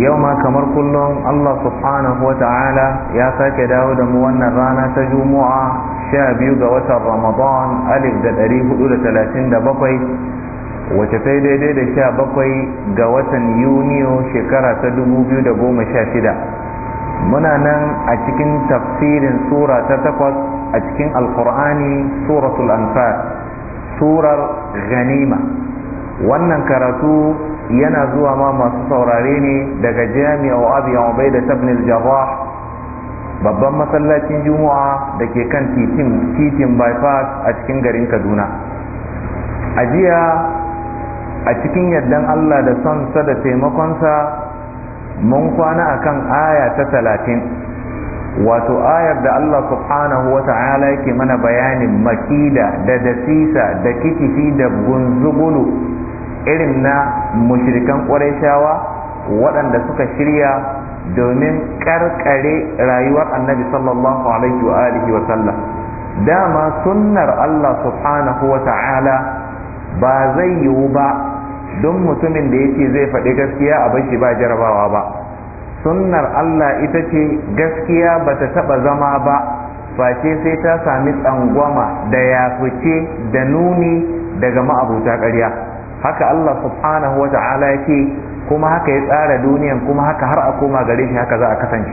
yau ma kamar kullum Allah subhanahu wa ta'ala ya sake dawo da mu wannan rana ta juma'a sha biyu ga watan ramadan alif da ɗari hudu da talatin da bakwai wace ta daidai da sha bakwai ga watan yuniyo shekara ta dubu biyu da goma sha shida muna nan a cikin tafsirin sura ta takwas a cikin alkur'ani suratul anfal surar ganima wannan karatu yana zuwa ma masu saurare ne daga jami'a abu yawon bai da tabnil jaba babban masallacin juma'a da ke kan titin titin bypass a cikin garin kaduna a jiya a cikin yardan allah da sonsa da taimakonsa mun kwana a kan aya ta talatin wato ayar da allah subhanahu wa ta'ala yake mana bayanin makida da dasisa da kitifi da gunzugulu irin na mushrikan shawa waɗanda suka shirya domin ƙarƙare rayuwar annabi sallallahu alaihi wa wa sallam dama sunnar Allah subhanahu wa ta'ala ba zai yiwu ba don mutumin da yake zai faɗi gaskiya a bashi ba jarabawa ba sunnar Allah ita ce gaskiya ba ta taɓa zama ba face sai ta sami tsangwama da yafice da nuni daga ma'abuta ƙarya haka Allah subhanahu wa ta'ala yake kuma haka ya tsara duniyan kuma haka har a koma gare shi haka za a kasance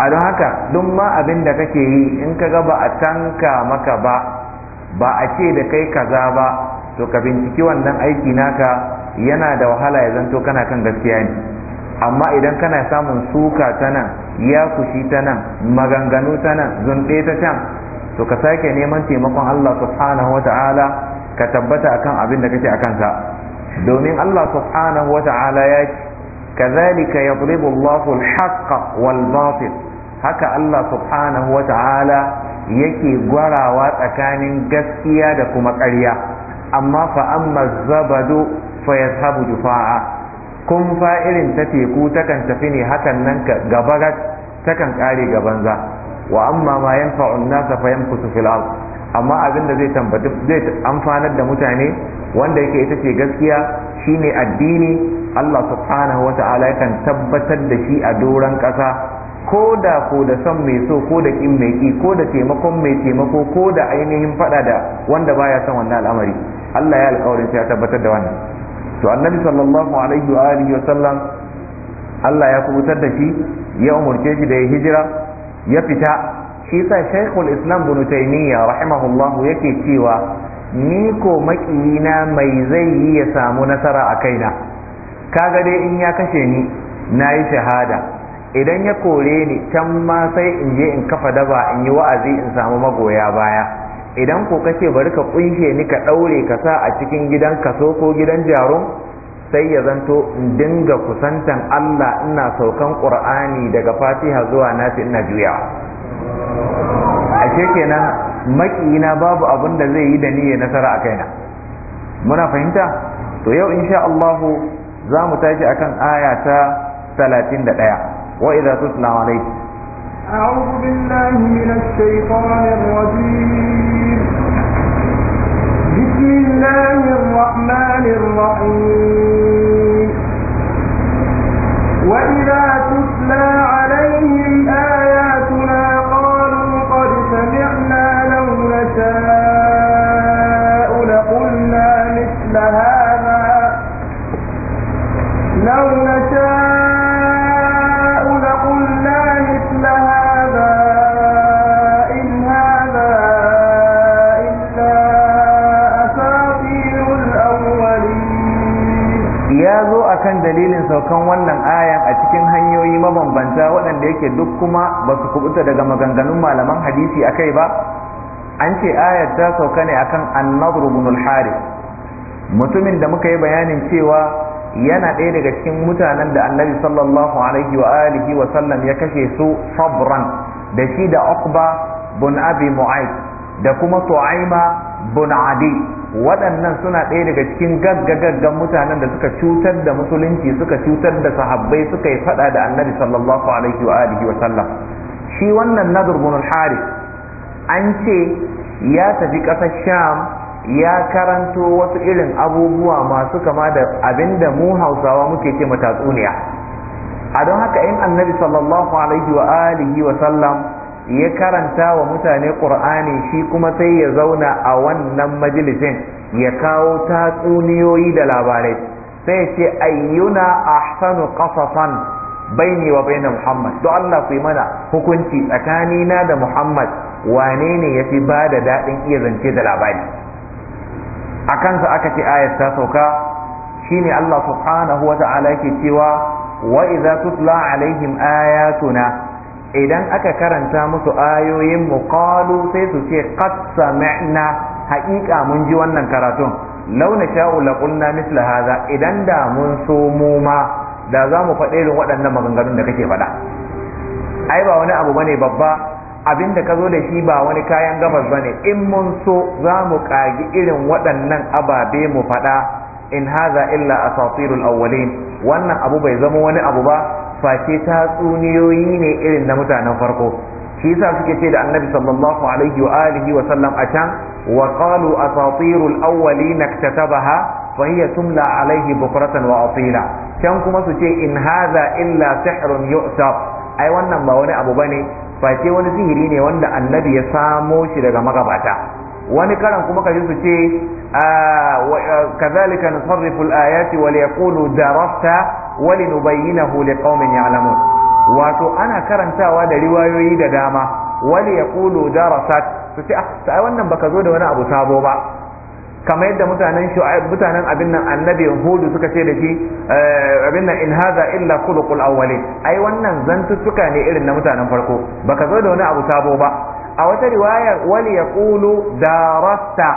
a don haka duk ma abin da kake yi in ka ga ba a tanka maka ba ba a ce da kai kaza ba to ka binciki wannan aiki naka yana da wahala ya zanto kana kan gaskiya ne amma idan kana samun suka ta nan ya kushi ta nan maganganu ta nan zunɗe ta can to ka sake neman taimakon Allah subhanahu wa ta'ala ka tabbata akan abin da kake akan sa domin Allah subhanahu wata'ala ya ce kazalika yadribu Allahu al wal batil haka Allah subhanahu wata'ala yake gwarawa tsakanin gaskiya da kuma ƙarya amma fa amma zabadu fa yazhabu jufa'a kun fa irin ta teku takan tafi ne hakan nan gabarat takan kare gabanza wa amma ma yanfa'un nasa fa yamkutu fil amma abin da zai tambata zai amfanar da mutane wanda yake ita ce gaskiya shine addini Allah subhanahu wa ta'ala yakan tabbatar da shi a doron ƙasa ko da ko da son mai so ko da kin mai ki ko da taimakon mai taimako ko da ainihin fada da wanda baya son wannan al'amari Allah ya alƙawarin ya tabbatar da wannan to annabi sallallahu alaihi wa alihi wasallam sallam Allah ya kubutar da shi ya umurce shi da ya hijira ya fita shi sa shaikhul islam bin taymiya rahimahullahu yake cewa ni ko makiyina mai zai yi ya samu nasara a kaina kaga dai in ya kashe ni na yi shahada idan ya kore ni can ma sai in je in kafa daba in yi wa'azi in samu magoya baya idan ko kace bari ka kunshe ni ka daure ka sa a cikin gidan kaso ko gidan jarum sai ya zanto in dinga kusantan Allah ina saukan Qur'ani daga Fatiha zuwa Nasi ina juyawa ashe kenan makiyina babu abin da zai yi da ni ya nasara a kaina muna fahimta to yau insha Allah za mu tashi akan aya ta 31 wa idza tutla alayhi أعوذ بالله من الشيطان الرجيم بسم الله الرحمن الرحيم وإذا تتلى عليهم آيات نشاء لقلنا مثل هذا لو نشاء لقلنا مثل هذا إن هذا إلا أساطير الأولين يا ذو أكن دليل سوكن ونن آية cikin hanyoyi mabambanta waɗanda yake duk kuma ba su kubuta daga maganganun malaman hadisi akai ba an ce ayar ta sauka ne akan annadru ibn al mutumin da muka yi bayanin cewa yana ɗaya daga cikin mutanen da annabi sallallahu alaihi wa alihi wa sallam ya kashe su sabran da shi da uqba bun abi mu'aid da kuma su'aima bin adi waɗannan suna ɗaya daga cikin gaggagaggan mutanen da suka cutar da musulunci suka cutar da sahabbai suka yi faɗa da annabi sallallahu alaihi wa alihi wa sallam shi wannan nadr bin al-harith an ce ya tafi ƙasar sham ya karanto wasu irin abubuwa masu kama da abinda mu hausawa muke ce tatsuniya a don haka in annabi sallallahu alaihi wa alihi wa sallam ya karanta wa mutane qur'ani shi kuma sai ya zauna a wannan majalisin ya kawo tatsuniyoyi da labarai sai ya ce ayyuna ahsanu qasasan baini wa baina muhammad don allah ku yi mana hukunci tsakanina da muhammad wane ne ya fi ba da daɗin iya zance da labari a kansa aka ce ayat ta sauka ne Allah subhanahu wa ta'ala ke cewa wa idza tutla alaihim ayatuna idan aka karanta musu ayoyin mu qalu sai su ce qad sami'na haƙiƙa mun ji wannan karatun launa sha'u la qulna mithla idan da mun so mu ma da za mu faɗe irin waɗannan maganganun da kake faɗa ai ba wani abu bane babba abin da ka zo da shi ba wani kayan gabas ba ne in mun so za mu kagi irin waɗannan ababe mu faɗa in haza illa asatirul awwalin wannan abu bai zama wani abu ba face tatsuniyoyi ne irin na mutanen farko shi yasa suke ce da annabi sallallahu alaihi wa alihi wa sallam a can wa qalu asatirul awwalin iktatabaha fa hiya tumla alaihi bukratan wa asila can kuma su ce in haza illa sihrun yu'sab ai wannan ba wani abu bane face wani sihiri ne wanda annabi ya samo shi daga magabata wani karan kuma kaji su ce ah, ah, kazalika nusarrifu al-ayati wa liyaqulu darasta wa linubayyinahu liqaumin ya'lamun wato ana karantawa da riwayoyi da dama wa liyaqulu darasat su ce ah, wannan baka zo da wani abu sabo ba kamar yadda mutanen shu'aib mutanen abin nan annabi hudu suka ce da shi eh, abin nan in hadha illa khuluqul awwali ai wannan zantuttuka ne irin na mutanen farko baka zo da wani abu sabo ba a wata riwayar wali yaqulu darasta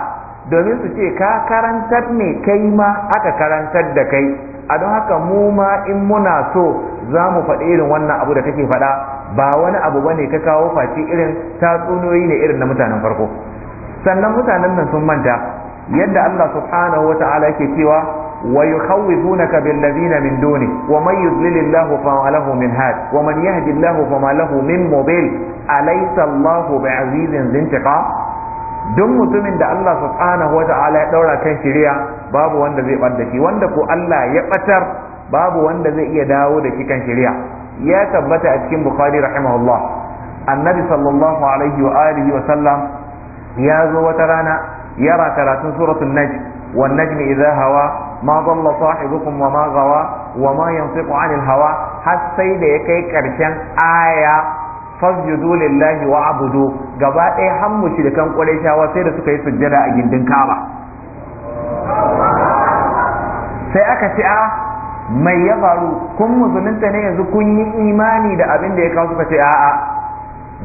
domin su ce ka karantar ne kai ma aka karantar da kai a don haka mu ma in muna so za mu faɗi irin wannan abu da kake faɗa ba wani abu bane ka kawo faci irin tatsuniyoyi ne irin na mutanen farko sannan mutanen nan sun manta yadda Allah subhanahu wa ta'ala yake cewa wa yukhawifunaka bil ladina min duni wa man yudlil Allah fa lahu min had wa man yahdi Allah fa ma lahu min mudil alaysa Allah bi'azizin zintiqam duk mutumin da Allah subhanahu wa ta'ala ya daura kan shirya babu wanda zai bar shi wanda ko Allah ya batar babu wanda zai iya dawo da shi kan shari'a ya tabbata a cikin bukhari rahimahullah annabi sallallahu alaihi wa alihi wa sallam ya zo wata rana yara karatun suratul najm wan najmi idza hawa ma dalla sahibukum wa wa ma yantiqu anil hawa har sai da ya kai karshen aya fasjudu lillahi wa abudu gaba ɗaya han mushrikan qurayshawa sai da suka yi sujjada a gindin kaba sai aka ce a mai ya faru kun musulunta ne yanzu kun yi imani da abin da ya kawo suka ce a'a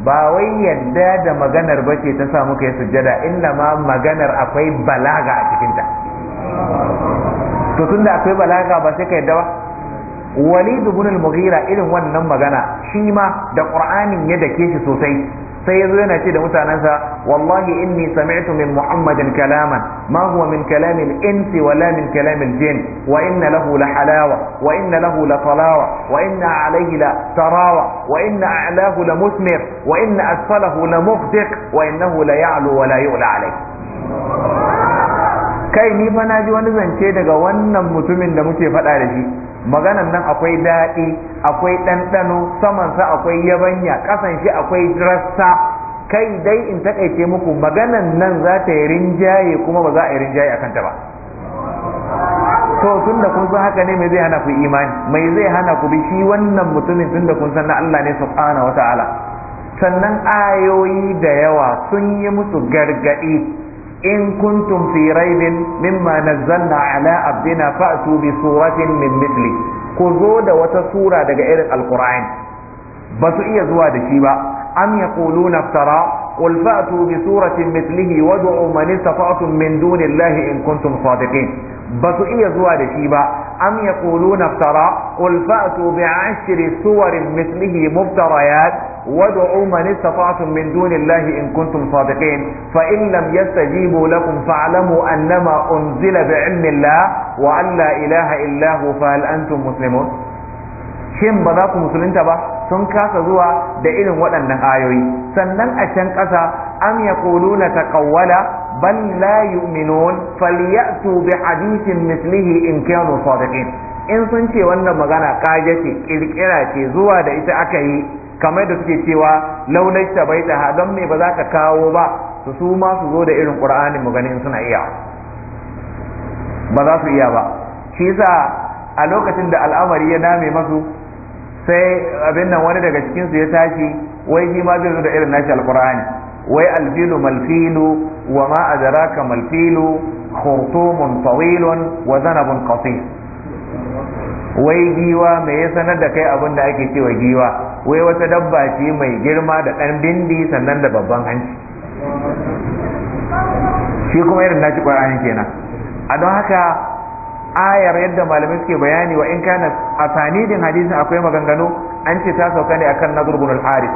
ba wai yadda da maganar ba ce ta sa muka yi sujjada inda ma maganar akwai balaga a cikinta to tun da akwai balaga ba sai ka yadda ba Walidu ibn mughira irin wannan magana shi ma da qur'anin ya dake shi sosai sai yazo yana ce da mutanansa wallahi inni sami'tu min muhammadin kalaman ma huwa min kalamin al-insi wala min kalami al-jin wa inna lahu la halawa wa inna lahu la talawa wa inna alayhi la tarawa wa inna a'lahu la musmir wa inna asfalahu la mughdiq wa innahu la ya'lu wa la yu'la alayhi kai ni fa naji wani zance daga wannan mutumin da muke faɗa da shi maganan nan akwai daɗi akwai ɗanɗano samansa akwai yabanya ƙasan shi akwai rassa kai dai in takaice muku maganan nan za ta yi rinjaye kuma ba za a yi rinjaye a kanta ba to tun da kun san haka ne mai zai hana ku imani mai zai hana ku bi shi wannan mutumin tun da kun san na Allah ne subhanahu wataala sannan ayoyi da yawa sun yi musu gargaɗi in kuntum fi raibin mimma nazzalna ala abdina fa'tu bi suratin min mithli ku zo da wata sura daga irin alqur'ani ba su iya zuwa da shi ba am yaquluna iftara qul fa'tu bi suratin mithlihi wad'u man istata'tum min dunillahi in kuntum sadiqin ba su iya zuwa da shi ba am yaquluna iftara qul fa'tu bi ashri suwarin mislihi mubtariyat wad'u man istata'tum min dunillahi in kuntum sadiqin fa in lam yastajibu lakum fa'lamu annama unzila bi'ilmillah wa an ilaha illahu, hu fa hal antum shin ba za ku musulunta ba sun kasa zuwa da irin waɗannan ayoyi sannan a can ƙasa am yaquluna taqawwala بل لا يؤمنون فليأتوا بحديث مثله إن كانوا صادقين in sun ce wannan magana kaje ce kirkira zuwa da ita aka yi kamar da suke cewa laulai ta bai ta don me ba za ka kawo ba su su ma su zo da irin ƙur'ani mu ganin suna iya ba za su iya ba shi sa a lokacin da al'amari ya dame masu sai abin nan wani daga cikinsu ya tashi wai shi ma zai zo da irin nashi Alƙur'ani. wai alfilu malfilu wa ma adraka malfilu khurtumun tawilun wa zanabun qasir wai giwa me ya sanar da kai abin da ake cewa giwa wai wata dabba ce mai girma da ɗan bindi sannan da babban hanci shi kuma irin naci ƙwararren kenan a don haka ayar yadda malamai suke bayani wa in kana a sanidin hadisin akwai maganganu an ce ta sauka ne akan kan bin al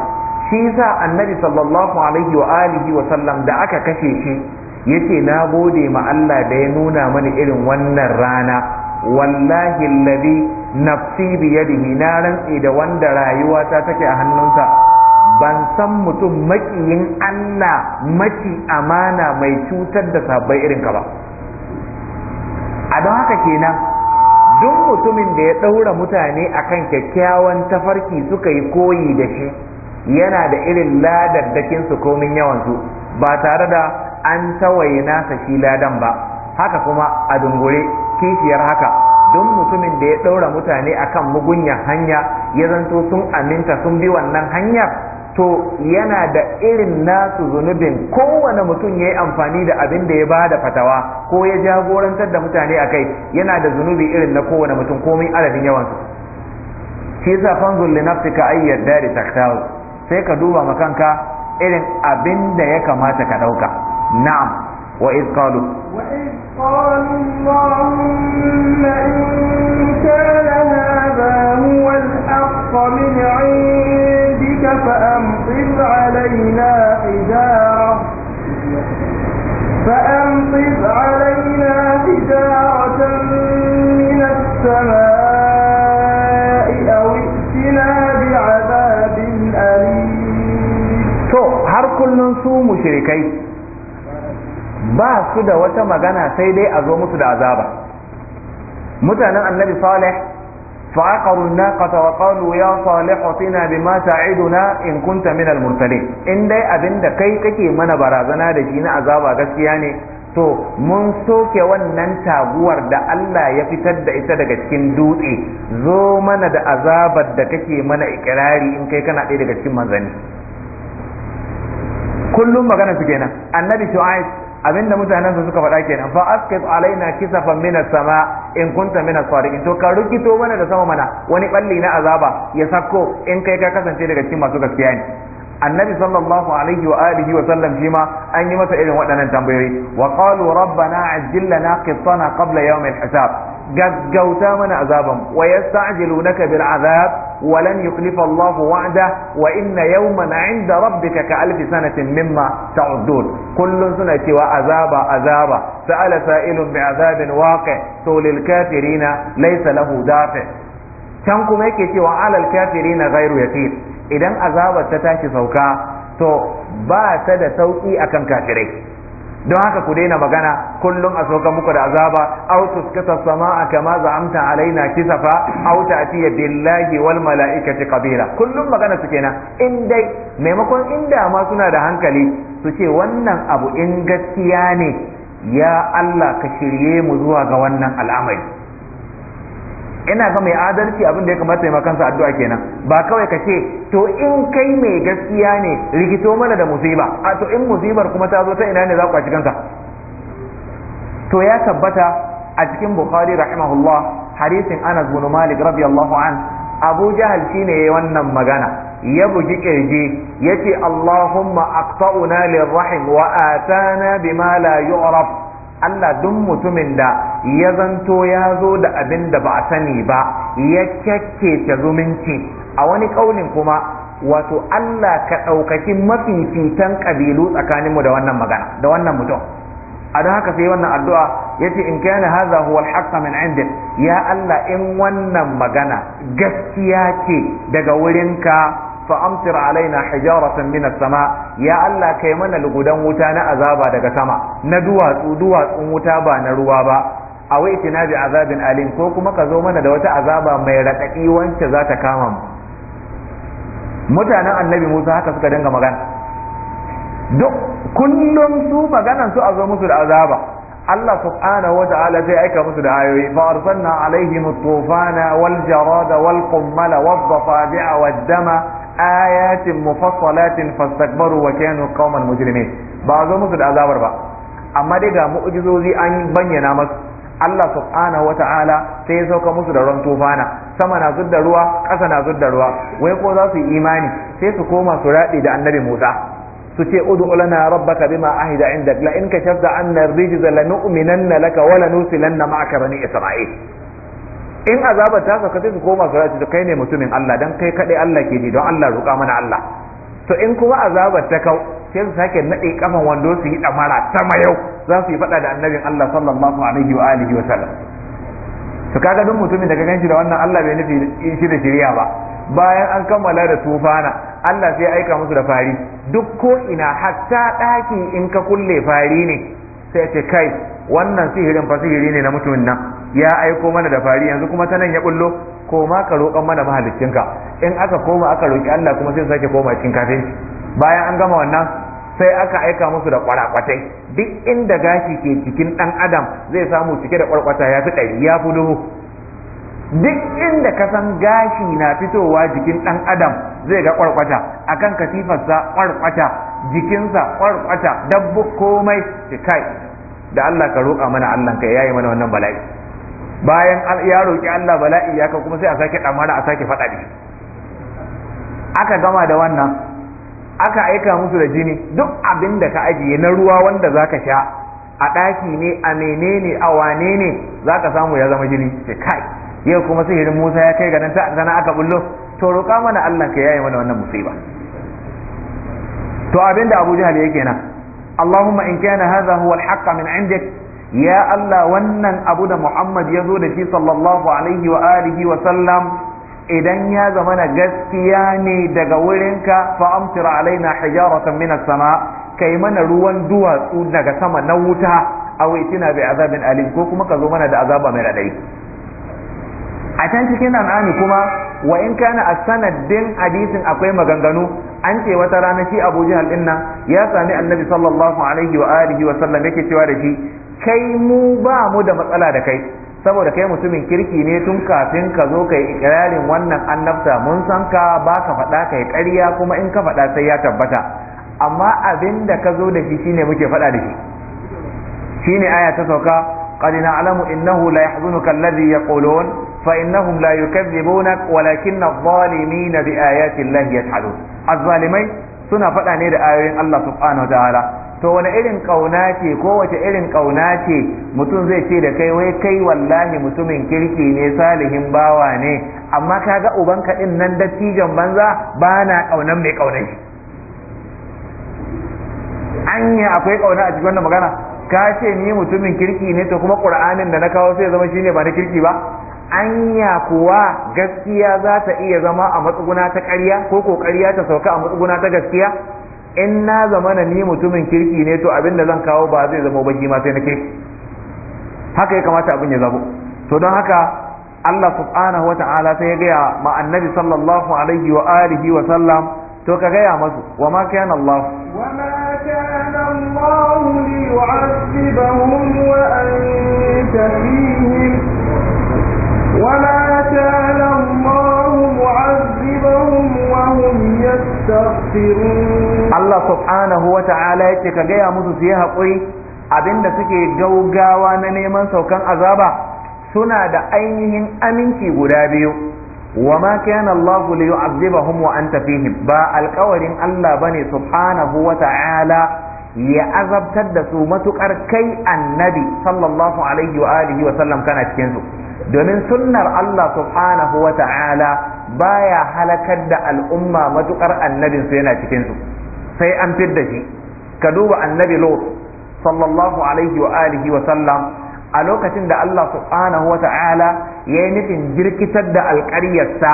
shi yasa annabi sallallahu alaihi wa alihi wa sallam da aka kashe shi yace na gode ma Allah da ya nuna mani irin wannan rana wallahi alladhi nafsi yadihi na rantsi da wanda rayuwa ta take a hannunsa ban san mutum makiyin Allah maki amana mai cutar da sabbai irin ka ba a don haka kenan duk mutumin da ya ɗaura mutane akan kyakkyawan tafarki suka yi koyi da shi yana da irin ladar ladaddakin su komin yawansu ba tare da an tawaye nasa shi ladan ba haka kuma a dungure kishiyar haka don mutumin da ya ɗaura mutane akan mugunyar hanya ya zanto sun aminta sun bi wannan hanyar to yana da irin nasu zunubin kowane mutum ya yi amfani da abin da ya ba da fatawa ko ya jagorantar da mutane a kai yana da zunubi irin na kowane mutum komai adadin yawansu shi yasa fanzul li nafsika ay yadda da taktawo sai ka duba makanka irin abin da ya kamata ka ɗauka. na'am وإذ قالوا وإذ قالوا اللهم إن كان هذا هو الحق من عندك فأمطر علينا حجارة فأمطر علينا حجارة من السماء أو ائتنا بعذاب أليم. شوف هر كل نسو مشركين ba su da wata magana sai dai a zo musu da azaba mutanen annabi salih فعقروا الناقة وقالوا ya صالح اتنا بما تعدنا إن كنت من المرسلين إن دي أبن دا كي كي من برازنا دا شينا عذابا gaskiya to mun soke wannan taguwar da Allah ya fitar da ita daga cikin dutse zo mana da azabar da kake mana ikirari in kai kana ɗaya daga cikin manzanni kullum magana su kenan annabi shu'aib abinda mutanen su suka faɗa kenan fa asqit alaina kisafan min sama in kunta min as-sadiqin to ka rikito mana da sama mana wani balli na azaba ya sako in kai ka kasance daga cikin masu gaskiya ne annabi sallallahu alaihi wa alihi wa sallam shi ma an yi masa irin waɗannan tambayoyi wa qalu rabbana ajjil lana qittana qabla yawm al-hisab gaggauta mana azaban wa yasta'jilunaka bil azab wa lan yukhlifa wa inna yawman rabbika ka alf sanatin mimma ta'udun kullun suna cewa azaba azaba sa'ala sa'ilun bi azabin waqi to kafirina laysa can kuma yake cewa alal kafirina ghairu idan azabar ta tashi sauka to kafirai don haka ku daina magana kullum a sauka muku da azaba aw tuskata samaa kama za'amta alaina kisafa aw ta'tiya billahi wal malaikati qabila kullum magana su kenan in dai maimakon inda ma suna da hankali su ce wannan abu in gaskiya ne ya Allah ka shirye mu zuwa ga wannan al'amari ina ga mai adalci abin da ya kamata ya kansa addu'a kenan ba kawai kace to in kai mai gaskiya ne rikito mana da musiba a to in musibar kuma ta zo ta ina ne za ku a to ya tabbata a cikin bukhari rahimahullah hadisin anas bin malik radiyallahu an abu jahal shine yayi wannan magana ya bugi kirji yace allahumma aqta'una lirrahim wa atana bima la yu'raf Allah duk mutumin da ya zanto ya zo da abin da ba a sani ba ya ta zumunci a wani ƙaunin kuma wato Allah ka ɗaukaki mafifitan ƙabilu tsakaninmu da wannan magana da wannan mutum a don haka sai wannan addu'a ya ce in kana haza huwa alhaqqa min indik ya Allah in wannan magana gaskiya ce daga wurinka fa alai na hijaratan min sama ya Allah kai mana lugudan wuta na azaba daga sama na duwatsu duwatsun wuta ba na ruwa ba aw itina bi azabin alim ko kuma ka zo mana da wata azaba mai raɗaɗi wance za ta kama mu mutanen annabi Musa haka suka dinga magana duk kullum su maganan su a zo musu da azaba Allah subhanahu wa ta'ala sai aika musu da ayoyi fa arsalna alaihim at-tufana wal jarada wal qummala wad dafadi'a wad dama ayatin mufassalatin fastakbaru wa kanu qauman mujrimin ba zo musu da azabar ba amma dai ga mu'jizozi an bayyana musu Allah subhanahu wa ta'ala sai ya sauka musu da ruwan tufana sama na zudda ruwa ƙasa na zudda ruwa wai ko za su yi imani sai su koma su raɗe da annabi Musa su ce ud'u lana rabbaka bima ahida indak la in kashafta anna ar-rijza lanu'minanna laka wa lanusilanna ma'aka bani isra'il in azabar ta sauka sai su koma su rasu kai ne mutumin Allah dan kai kadai Allah ke ji don Allah roƙa mana Allah to in kuma azabar ta kau sai su sake nade kafan wando su yi damara sama yau za su yi fada da annabin Allah sallallahu alaihi wa alihi wa sallam to kaga duk mutumin da ka ganci da wannan Allah bai nufi shi da shiriya ba bayan an kammala da tufana Allah sai aika musu da fari duk ko ina hatta ɗaki in ka kulle fari ne sai ce kai wannan sihirin fa sihiri ne na mutumin nan ya aiko mana da fari yanzu kuma ta nan ya bullo koma ka roƙon mana mahaliccinka in aka koma aka roƙi Allah kuma sai sake koma cikin kafinci bayan an gama wannan sai aka aika musu da kwarakwatai duk inda gashi ke cikin dan adam zai samu cike da kwarkwata ya fi ɗari ya fi duhu duk inda ka san gashi na fitowa jikin dan adam zai ga kwarkwata akan katifarsa kwarkwata jikinsa kwarkwata dabbu komai kai da Allah ka roƙa mana Allah ka yayi mana wannan bala'i bayan ya roƙi Allah bala'i ya ka kuma sai a sake damara a sake faɗa biki aka gama da wannan aka aika musu da jini duk abin da ka ajiye na ruwa wanda za ka sha a ɗaki ne a menene a wane ne za ka samu ya zama jini ce kai yau kuma sihirin musa ya kai ganin ta sana aka bullo to roƙa mana Allah ka yayi mana wannan musiba to abin da abu jihar yake nan Allahumma in kana hadha huwa al-haqq min indik ya Allah wannan abu da Muhammad ya zo da shi sallallahu alaihi wa alihi wa sallam idan ya zama na gaskiya ne daga wurinka fa amtir alaina hijaratan min as-sama kai mana ruwan duwatsu daga sama na wuta aw itina bi azabin alim ko kuma ka zo mana da azaba mai radai a can cikin an'ami kuma wa in kana a sanadin hadisin akwai maganganu an ce wata rana shi Abu Jahal din nan ya sami Annabi sallallahu alaihi wa alihi wa sallam yake cewa da shi kai mu ba mu da matsala da kai saboda kai mutumin kirki ne tun kafin ka zo kai ikirarin wannan annabta mun san ka ba ka faɗa kai ƙarya kuma in ka faɗa sai ya tabbata amma abin da ka zo da shi shine muke faɗa da shi shine aya ta sauka qad na'lamu innahu la yahzunuka alladhi yaqulun فإنهم لا يكذبونك ولكن الظالمين بآيات الله يجحدون الظالمين suna faɗa ne da ayoyin Allah subhanahu ta'ala to wani irin kauna ce ko wace irin ƙauna ce mutum zai ce da kai wai kai wallahi mutumin kirki ne salihin bawa ne amma kaga uban ka din nan dattijan banza ba na kaunan mai an anya akwai ƙauna a cikin wannan magana ka ce ni mutumin kirki ne to kuma qur'anin da na kawo sai zama shine ba na kirki ba anya kuwa gaskiya za ta iya zama a matsuguna ta ƙarya ko ko ta sauka a matsuguna ta gaskiya in na zama na ni mutumin kirki ne to abin da zan kawo ba zai zama ba ma sai na kirki haka ya kamata abin ya zabo to don haka Allah subhanahu wa ta'ala sai ya gaya ma annabi sallallahu alaihi wa alihi wa sallam to ka gaya masu wa ma kana Allah wa ma kana Allah yu'azzibahum wa anta fihim ولا كان الله معذبهم وهم يستغفرون الله سبحانه وتعالى يتكا جاي musu su haƙuri abinda suke gaugawa na neman saukan azaba suna da ainihin aminci guda biyu wa ma kana Allah li yu'azzibahum wa anta fihim ba alƙawarin Allah bane subhanahu wa ta'ala ya azabtar da su matuƙar kai annabi sallallahu alaihi wa alihi wa sallam kana cikinsu. domin sunnar Allah subhanahu wa ta'ala baya halakar da al'umma matukar annabin su yana cikin su sai an fidda shi ka duba annabi Lot sallallahu alaihi wa alihi wa sallam a lokacin da Allah subhanahu wa ta'ala ya yi nufin jirkitar da alƙaryarsa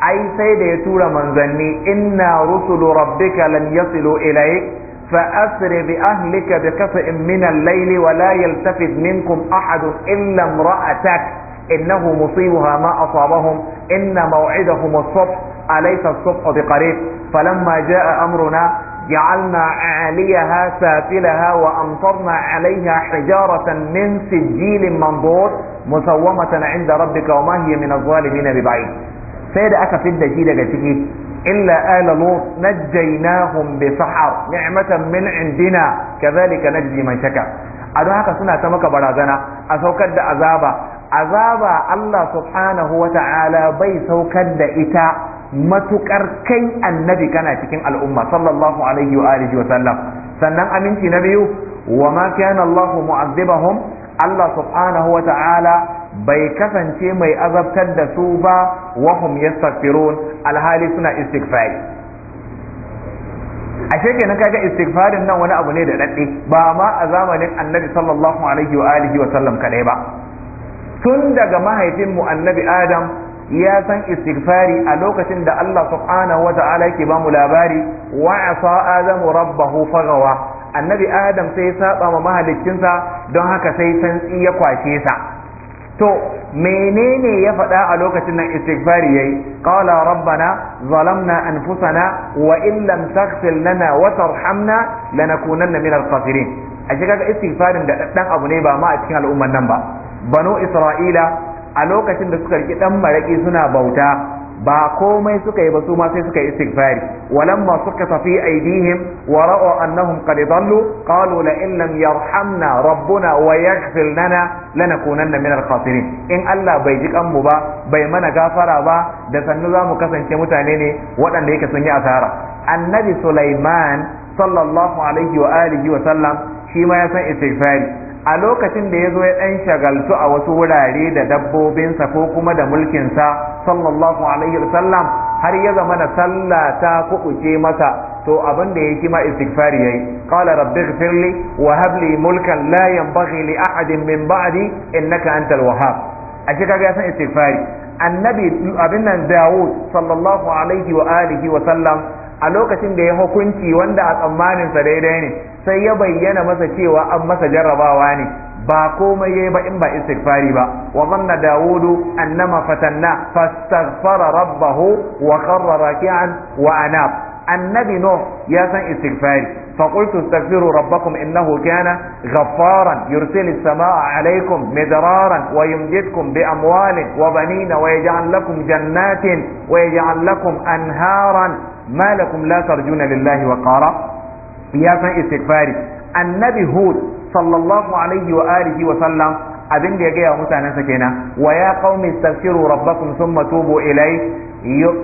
ai sai da ya tura manzanni inna rusulu rabbika lan yasilu ilayk فأسر بأهلك بقطع من الليل ولا يلتفت منكم أحد إلا امرأتك إنه مصيبها ما أصابهم إن موعدهم الصبح أليس الصبح بقريب فلما جاء أمرنا جعلنا عاليها سافلها وأمطرنا عليها حجارة من سجيل منضود مسومة عند ربك وما هي من الظالمين ببعيد سيد أكا في الدجيل جتكي إلا آل لوط نجيناهم بسحر نعمة من عندنا كذلك نجزي من شكر a هكا سنه suna ta maka barazana azaba Allah subhanahu wa ta'ala bai saukar da ita matukar kai annabi kana cikin al'umma sallallahu alaihi wa alihi wa sallam sannan aminci na biyu wa ma kana Allah mu'azzibahum Allah subhanahu wa ta'ala bai kasance mai azabtar da su ba wa hum yastaghfirun alhali suna istighfari ashe kenan kaga istighfarin nan wani abu ne da dadde ba ma a zamanin annabi sallallahu alaihi wa alihi wa sallam kadai ba tun daga mahaifinmu annabi adam ya san istighfari a lokacin da Allah subhanahu wa ta'ala yake ba mu labari wa asa adamu rabbahu fagawa annabi adam sai ya saba ma mahaliccinsa don haka sai santsi ya kwace sa to menene ya faɗa a lokacin nan istighfari yayi qala rabbana zalamna anfusana wa in lam taghfir lana wa tarhamna lanakunanna minal khasirin a kaga istighfarin da dan abu ne ba ma a cikin al'umman nan ba banu isra'ila a lokacin da suka riki ɗan maraƙi suna bauta ba komai suka yi ba su ma sai suka yi istighfari ma suka tafi aidihim wa ra'u annahum qad dallu qalu la in lam yarhamna rabbuna wa yaghfir lana lanakunanna min al-khasirin in Allah bai ji ba bai mana gafara ba da sannu za mu kasance mutane ne waɗanda yake sun yi asara annabi Sulaiman sallallahu alaihi wa alihi wa sallam shi ma ya san istighfari a lokacin da ya zo ya ɗan shagaltu a wasu wurare da dabbobinsa ko kuma da mulkinsa sallallahu alaihi sallam har ya zama na sallah ta kuɓuce masa to abin da ya kima istighfari yayi qala rabbi ighfirli wa hab mulkan la yanbaghi li ahadin min ba'di innaka antal wahhab a kaga ga san istighfari annabi abin nan Dawud sallallahu alaihi wa alihi wa sallam a lokacin da ya hukunci wanda a tsammaninsa daidai ne sai ya bayyana masa cewa an masa jarrabawa ne ba komai yi ba in ba istighfari ba wa zanna dawudu annama fatanna fastaghfara rabbahu wa kharra raki'an wa anab annabi no ya san istighfari فقلت استغفروا ربكم انه كان غفارا يرسل السماء عليكم مدرارا ويمددكم باموال وبنين ويجعل لكم جنات ويجعل لكم انهارا malakum la tarjuna lillahi wa qara ya san istighfari annabi hud sallallahu alaihi wa alihi wa sallam abin da ya gaya mutanensa kenan wa ya qaumi istaghfiru rabbakum thumma tubu ilayhi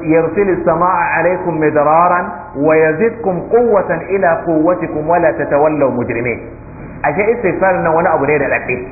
يرسل السماء عليكم مدرارا ويزدكم قوة إلى قوتكم ولا تتولوا مجرمين أشياء استغفارنا وانا أبو ليلة لكي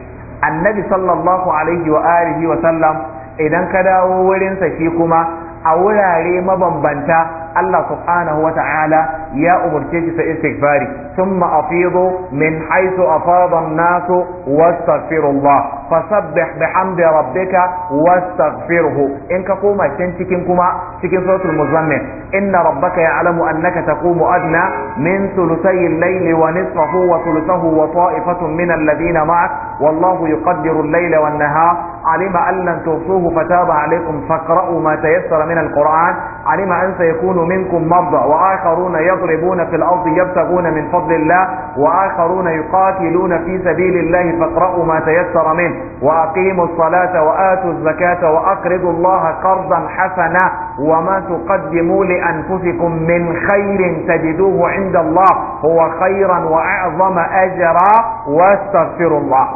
النبي صلى الله عليه وآله وسلم إذا كدا ورنسا شيكما أولا ريما بمبنتا Allah subhanahu wa ta'ala ya umarce shi sa istighfari thumma afidu min haythu afada an-nas wastaghfirullah fasabbih bihamdi rabbika wastaghfirhu in ka koma can cikin kuma cikin suratul muzammil inna rabbaka ya'lamu annaka taqumu adna min thuluthay al-layli wa nisfahu wa thuluthahu wa ta'ifatun min alladhina ma'ak wallahu yuqaddiru al-layla wan-nahara علم أن لن تغفوه فتاب عليكم فاقرأوا ما تيسر من القرآن علم أن سيكون منكم مرضى وآخرون يضربون في الأرض يبتغون من فضل الله وآخرون يقاتلون في سبيل الله فاقرأوا ما تيسر منه واقيموا الصلاة واتوا الزكاة واقرضوا الله قرضا حسنا وما تقدموا لانفسكم من خير تجدوه عند الله هو خيرا واعظم اجرا واستغفروا الله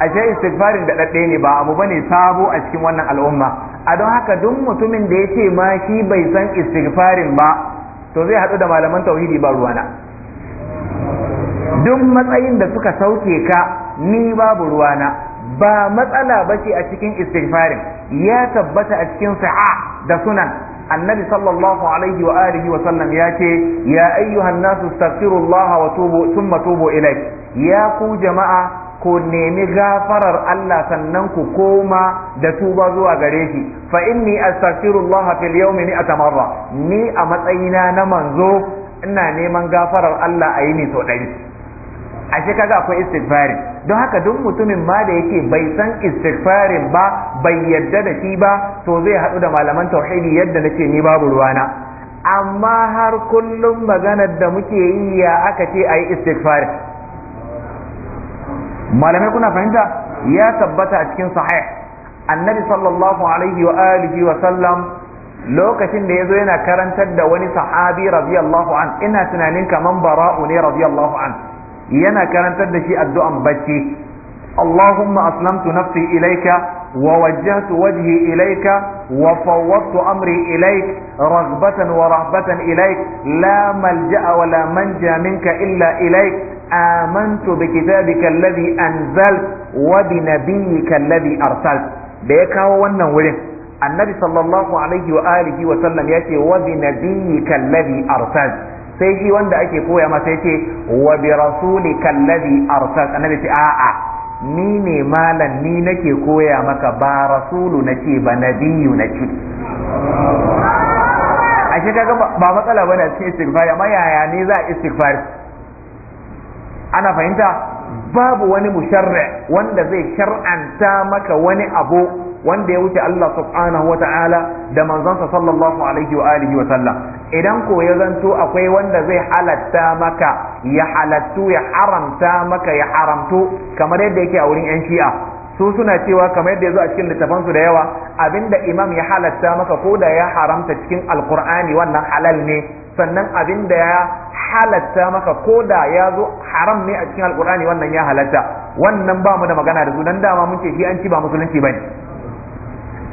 اجي استغفار دقدني با ابو بني سابو a cikin wannan al'umma a don haka duk mutumin da yace ma shi bai san istighfarin ba to zai hadu duk matsayin da suka sauke ka ni babu ruwana ba matsala ba ce a cikin istighfarin ya tabbata a cikin sa'a da sunan annabi sallallahu alaihi wa alihi wa sallam ya ce ya ayyuhan nasu astaghfirullaha wa tubu thumma tubu ya ku jama'a ku nemi gafarar Allah sannan ku koma da tuba zuwa gare shi fa inni astaghfirullah fil yawmi mi'ata marra ni a matsayina na manzo ina neman gafarar Allah a yi ni sau ɗari ashe kaga akwai istighfari don haka duk mutumin ma da yake bai san istighfarin ba bai yadda da shi ba to zai haɗu da malaman tauhidi yadda nace ni babu ruwana amma har kullum maganar da muke yi ya aka ce ayi istighfari malamai kuna fahimta ya tabbata a cikin sahih annabi sallallahu alaihi wa alihi wa sallam lokacin da ya zo yana karantar da wani sahabi radiyallahu an ina tunanin kaman bara'u ne radiyallahu an yana karantar da shi addu'an bacci Allahumma aslamtu nafsi ilaika ووجهت وجهي إليك وفوضت أمري إليك رغبة ورهبة إليك لا ملجأ ولا منجى منك إلا إليك آمنت بكتابك الذي أنزلت وبنبيك الذي أرسلت بيكا وانا ولم النبي صلى الله عليه وآله وسلم يأتي وبنبيك الذي أرسلت sai shi wanda ake koya masa yace wa bi rasulika alladhi arsal annabi ce a'a ni ne malam ni nake koya maka ba rasulu nace ba nabiyu nace shi ga ba matsala bane a cikin istighfar amma yaya ne za a istighfar ana fahimta babu wani musharri wanda zai shar'anta maka wani abu wanda ya wuce Allah subhanahu wa ta'ala da manzonsa sallallahu alaihi wa alihi wa sallam idan ko ya zanto akwai wanda zai halatta maka ya halattu ya haramta maka ya haramtu kamar yadda yake a wurin yan shi'a su suna cewa kamar yadda ya zo a cikin littafansu da yawa abinda imam ya halatta maka ko da ya haramta cikin alkur'ani wannan halal ne sannan abin da ya halatta maka ko da ya zo haram ne a cikin alkur'ani wannan ya halatta wannan ba mu da magana da su dan dama mun ce shi an ci ba musulunci bane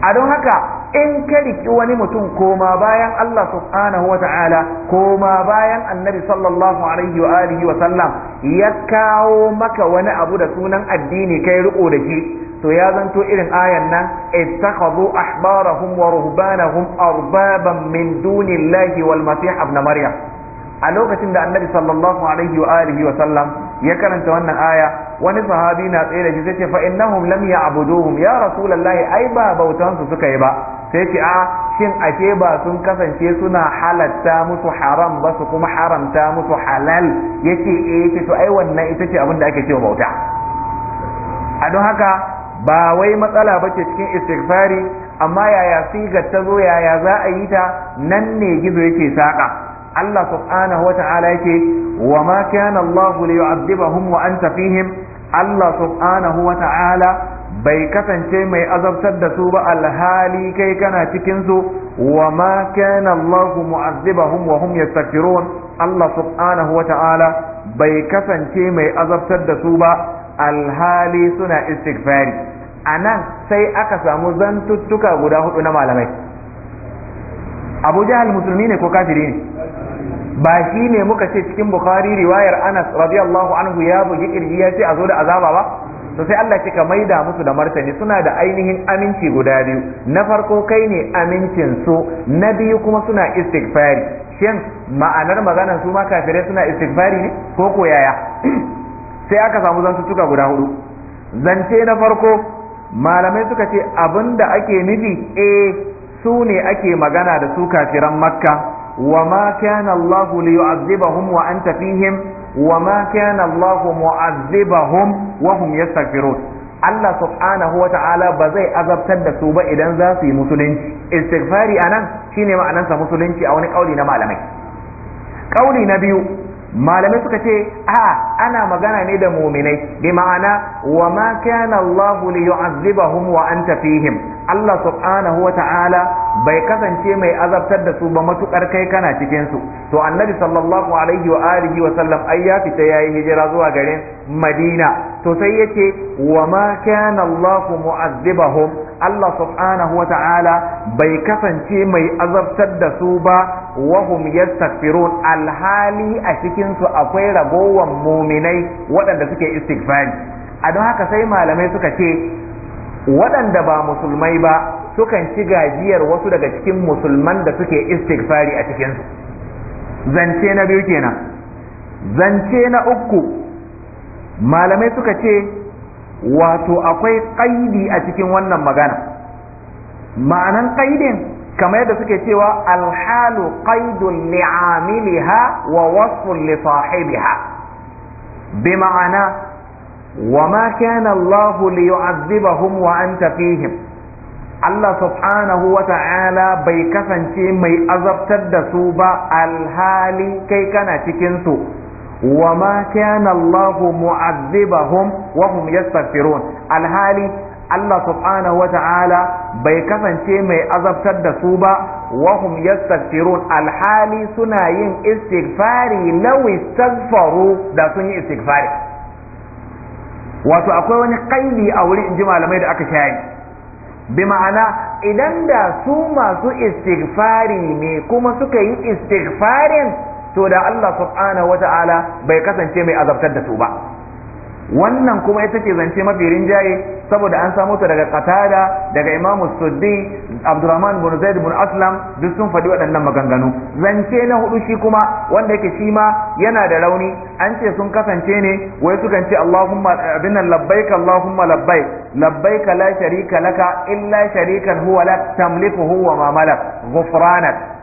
a don haka in ka riƙi wani mutum koma bayan Allah subhanahu wa ta'ala koma bayan annabi sallallahu alaihi wa alihi wa sallam ya kawo maka wani abu da sunan addini kai riko da shi to ya zanto irin ayan nan ittakhadhu ahbarahum wa ruhbanahum arbaban min dunillahi wal masih ibn maryam a lokacin da annabi sallallahu alaihi wa alihi wa sallam ya karanta wannan aya wani sahabi na tsaye da shi sai ce fa innahum lam ya'buduhum ya rasulullahi ai ba bautan su suka yi ba sai ce a shin ashe ba sun kasance suna halatta musu haram ba su kuma haramta musu halal yake eh yace to ai wannan ita ce abin da ake cewa bauta a don haka ba wai matsala ba ce cikin istighfari amma yaya sigar ta zo yaya za a yi ta nan ne gizo yake saƙa Allah subhanahu wa ta'ala yake wa ma kana Allah li yu'adhibahum wa anta fihim Allah subhanahu wa ta'ala bai kasance mai azabtar da su ba alhali kai kana cikin su wa ma kana Allah mu'azzibahum wa hum yastaghfirun Allah subhanahu wa ta'ala bai kasance mai azabtar da su ba alhali suna istighfari anan sai aka samu zantuttuka guda hudu na malamai Abu Jahal musulmi ne ko kafiri ne ba shi ne muka ce cikin Bukhari riwayar Anas radiyallahu anhu ya bugi kirji ya ce a zo da azaba ba to sai Allah kika ka maida musu da martani suna da ainihin aminci guda biyu na farko kai ne amincin su na biyu kuma suna istighfari shin ma'anar maganar su ma kafirai suna istighfari ne ko ko yaya sai aka samu zantuttuka guda hudu zance na farko malamai suka ce abinda ake nufi eh su ne ake magana da su kafiran makka wa ma kana Allah li yu'azzibahum wa anta fihim wa ma kana Allah mu'azzibahum wa hum yastaghfirun Allah subhanahu wa ta'ala ba zai azabtar da su ba idan za su yi musulunci a nan, shine ma'anansa musulunci a wani kauli na malamai kauli na biyu malamai suka ce a'a ana magana ne da muminai bi ma'ana wa ma kana hum li yu'azzibahum wa anta fihim Allah subhanahu wa ta'ala bai kasance mai azabtar da su ba matukar kai kana cikin su to annabi sallallahu alaihi wa alihi wa sallam ai ya fita hijira zuwa garin Madina to sai yace wa ma kana Allah mu'azzibahum Allah subhanahu wa ta'ala bai kasance mai azabtar da su ba wa hum yastaghfirun alhali a cikin su akwai ragowan muminai waɗanda suke istighfari a don haka sai malamai suka ce waɗanda ba musulmai ba sukan ci gajiyar wasu daga cikin musulman da suke istighfari a cikinsu zance na biyu kenan zance na uku malamai suka ce wato akwai ƙaidi a cikin wannan magana ma'anan ƙaidin kamar yadda suke cewa alhalu ƙaidun li'amiliha wa wasu li sahibiha bi ma'ana وما كان الله ليعذبهم وأنت Allah subhanahu wa ta'ala bai kasance mai azabtar da su ba alhali kai kana cikinsu, wa ma kana Allahu mu'azzibahum wa alhali Allah subhanahu wa ta'ala bai kasance mai azabtar da su ba wa hum yastaghfirun alhali suna yin istighfari law istaghfaru da sun yi istighfari wato akwai wani kaidi a wurin ji malamai da aka shayi bi ma'ana idan da su masu istighfari ne kuma suka yi istighfarin to da Allah subhanahu wata'ala bai kasance mai azabtar da su ba wannan kuma ita ce zance mafi rinjaye saboda an samo ta daga qatada daga imamu suddi abdurrahman bin zaid bin aslam duk sun faɗi waɗannan maganganu zance na hudu shi kuma wanda yake shi ma yana da rauni an ce sun kasance ne wai sukan ce allahumma abin labbaik allahumma labbaik labbaika la sharika laka illa sharikan huwa lak tamlikuhu wa ma malak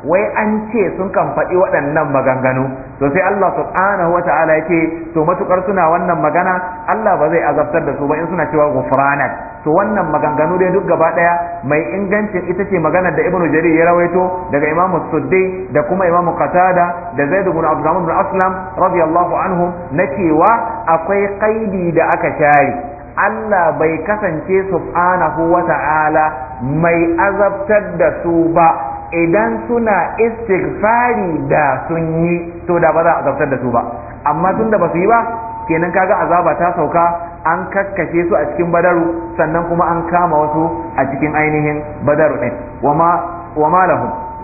wai an ce sun kan faɗi waɗannan maganganu to sai Allah subhanahu wa ta'ala yake to matuƙar suna wannan magana Allah ba zai azabtar da su ba in suna cewa ghufranak to wannan maganganu dai duk gaba ɗaya mai ingancin ita ce maganar da ibnu jarir ya rawaito daga imam suddi da kuma imam qatada da zaid ibn abdurrahman ibn aslam radiyallahu anhum na cewa akwai kaidi da aka share Allah bai kasance subhanahu wa ta'ala mai azabtar da su ba idan suna istighfari da sun to da ba za a azabtar da su ba amma tun da ba su yi ba kenan kaga azaba ta sauka an kakkace su a cikin badaru sannan kuma an kama wasu a cikin ainihin badaru din wama wama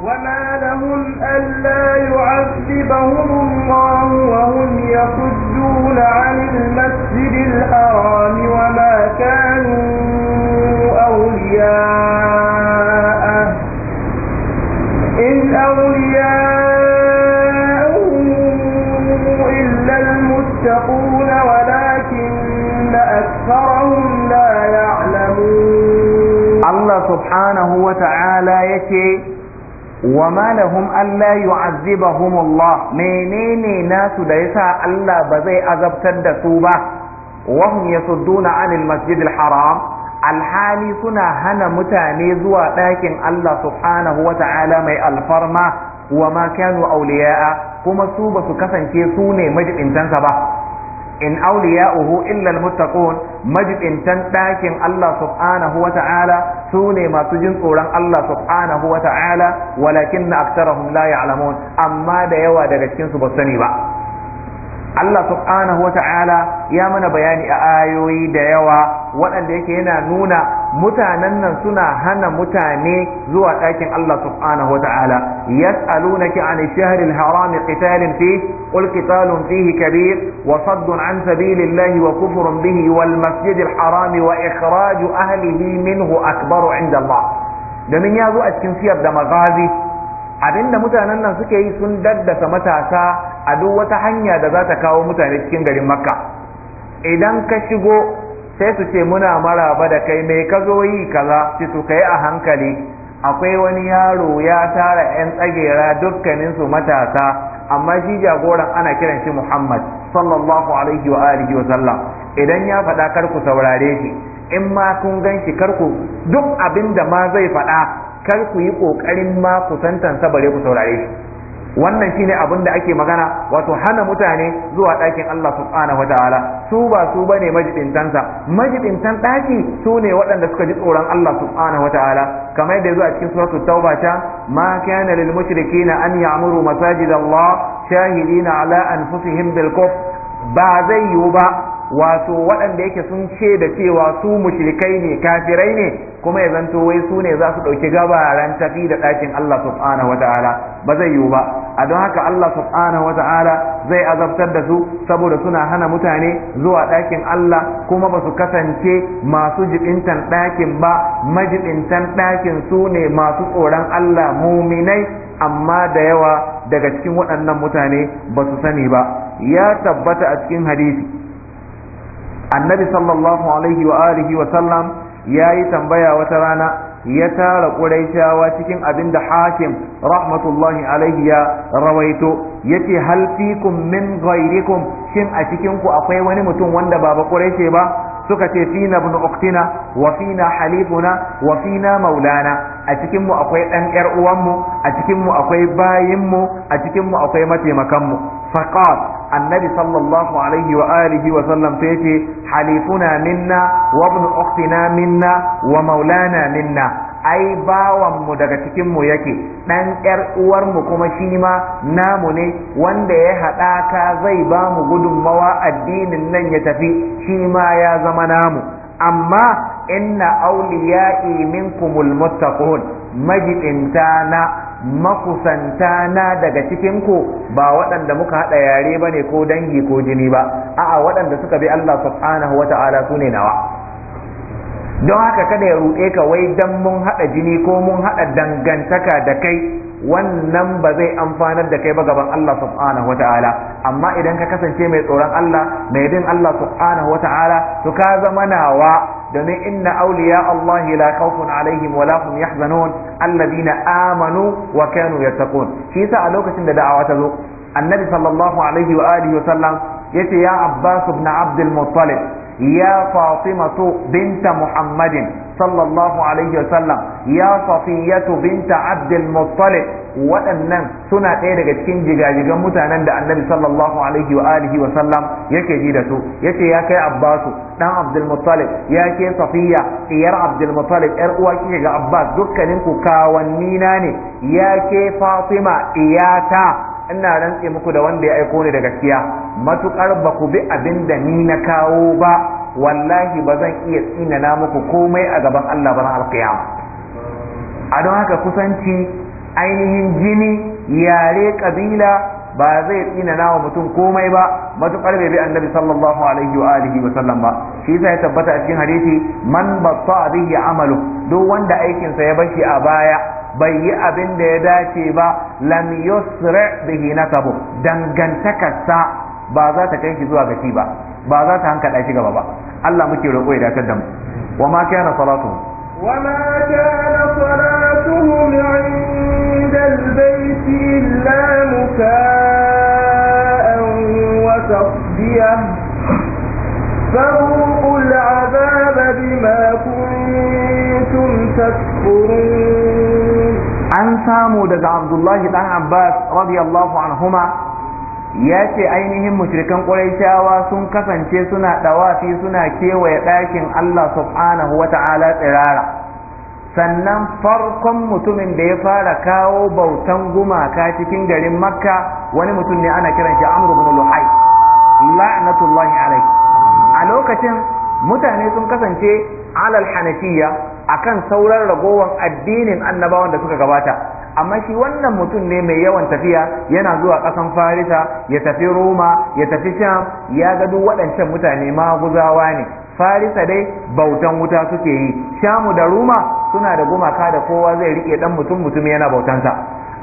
وما لهم ألا يعذبهم الله وهم يصدون عن المسجد الحرام وما كانوا أولياءه إن أولياءه إلا المتقون ولكن أكثرهم لا يعلمون الله سبحانه وتعالى يكي wa ma lahum alla yu'azzibahum Allah menene nasu da yasa Allah ba zai azabtar da su ba wa hum yasudduna 'anil masjidil haram alhali suna hana mutane zuwa ɗakin Allah subhanahu wa mai alfarma wa ma kanu awliya'a kuma su basu su kasance su ne majibintansa ba in uhu illa almuttaqun majibintan ɗakin Allah subhanahu wa ta'ala su ne masu jin tsoron Allah subhanahu wa ta'ala walakin na aktarahum la ya'lamun amma da yawa daga cikin su ba sani ba Allah subhanahu wa ta'ala ya mana bayani a ayoyi da yawa waɗanda yake yana nuna mutanen nan suna hana mutane zuwa ɗakin Allah subhanahu wa ta'ala يسألونك عن الشهر الحرام قتال فيه قل قتال فيه كبير وصد عن سبيل الله وكفر به والمسجد الحرام وإخراج أهله منه أكبر عند الله domin ya zo a cikin siyar da magazi abinda mutanen nan suke yi sun daddasa matasa a duk wata hanya da za ta kawo mutane cikin garin makka idan ka shigo sai su ce muna maraba da kai mai ka zo yi kaza sai su kai a hankali akwai wani yaro ya tara 'yan tsagera dukkaninsu matasa amma shi jagoran ana kiran shi Muhammad sallallahu alaihi wa alihi wa sallam idan ya faɗa kar ku saurare shi in ma kun gan kar ku duk abin da ma zai faɗa kar ku yi ƙoƙarin ma kusantansa bare ku saurare shi wannan shine abin da ake magana wato hana mutane zuwa ɗakin Allah subhanahu wataala su ba su bane majibintansa majibintan ɗaki su ne waɗanda suka ji tsoron Allah subhanahu wataala kamar yadda zuwa cikin suratul tauba ta ma kana lil mushrikina an ya'muru masajid Allah shahidina ala anfusihim bil kufr ba zai yiwu ba wato waɗanda yake sun ce da cewa su mushrikai ne kafirai ne kuma ya zanto wai su ne za su ɗauki gabaran tafi da ɗakin Allah subhanahu wa ta'ala ba zai yiwu ba a don haka Allah subhanahu wata'ala zai azabtar da su saboda suna hana mutane zuwa ɗakin Allah kuma ba su kasance masu jibintan ɗakin ba majibintan ɗakin su ne masu tsoron Allah muminai amma da yawa daga cikin waɗannan mutane ba su sani ba ya tabbata a cikin hadisi annabi sallallahu alaihi wa alihi wa sallam ya yi tambaya wata rana ya tara ƙuraishawa cikin abin da hakim rahmatullahi alaihi ya rawaito yace hal fikum min ghairikum shin a cikinku akwai wani mutum wanda ba ba quraishe ba suka ce fina ibn uktina wa fina halifuna wa fina maulana a cikin mu akwai dan yar uwan mu a cikin mu akwai bayin mu a cikin mu akwai mataimakan mu faqat annabi sallallahu alaihi wa wa sallam sai yace halifuna minna wa ibn minna wa maulana minna ai bawan mu daga cikin mu yake ɗan yar uwarmu kuma shi ma namu ne wanda ya hada ka zai ba mu gudunmawa addinin nan ya tafi shi ma ya zama namu amma inna awliya'i minkumul muttaqun majidinta na makusanta na daga cikin ku ba waɗanda muka haɗa yare bane ko dangi ko jini ba a'a waɗanda suka bi Allah subhanahu wata'ala su ne nawa don haka kada ya ruɗe ka wai dan mun haɗa jini ko mun haɗa dangantaka da kai wannan ba zai amfanar da kai ba gaban Allah subhanahu wa ta'ala amma idan ka kasance mai tsoron Allah mai bin Allah subhanahu wa ta'ala to ka zama nawa domin inna awliya Allah la khawfun alaihim wa la hum yahzanun alladhina amanu wa kanu yattaqun shi yasa a lokacin da da'awa ta zo annabi sallallahu alaihi wa alihi wa sallam yace ya Abbas ibn Abd al-Muttalib ya Fatimatu binta Muhammadin sallallahu alaihi wa sallam ya Safiyatu binta Abd al-Muttalib waɗannan suna ɗaya daga cikin jigajigan mutanen da annabi sallallahu alaihi wa alihi wa sallam yake ji da su yace ya kai abbasu dan abdul muttalib ya ke safiya iyar abdul muttalib yar uwa kike ga abbas dukkanin ku kawanni na ne ya ke fatima iyata ina rantse muku da wanda ya aiko ni da gaskiya matukar ba ku bi abin da ni na kawo ba wallahi ba zan iya tsinana muku komai a gaban Allah ba na alkiyama a don haka kusanci ainihin jini yare kabila ba zai tsina nawa mutum komai ba matukar bai bi annabi sallallahu alaihi wa alihi wa sallam ba shi yasa ya tabbata a cikin hadisi man batta bihi amalu duk wanda aikinsa ya bashi a baya bai yi abin da ya dace ba lam yusri bihi nasabu dangantakarsa ba za ta kai shi zuwa gaci ba ba za ta hankada shi gaba ba Allah muke roƙo ya dakatar da mu wa ma kana salatu wa ma kana salatuhum من البيت إلا مكاء وتصدية فذوقوا العذاب بما كنتم تكفرون an samu daga abdullahi ɗan abbas radiyallahu anhuma ya ce ainihin mushrikan ƙuraishawa sun kasance suna ɗawafi suna kewaye ɗakin allah subhanahu wa ta'ala tsirara sannan farkon mutumin da ya fara kawo bautan gumaka cikin garin makka wani mutum ne ana kiran shi amru bin luhai la'natullahi alaihi a lokacin mutane sun kasance alal hanafiya akan sauran ragowan addinin annabawan da suka gabata amma shi wannan mutum ne mai yawan tafiya yana zuwa ƙasan farisa ya tafi roma ya tafi sham ya ga duk waɗancan mutane maguzawa ne farisa dai bautan wuta suke yi shamu da roma suna da gumaka da kowa zai rike ɗan mutum mutum yana bautansa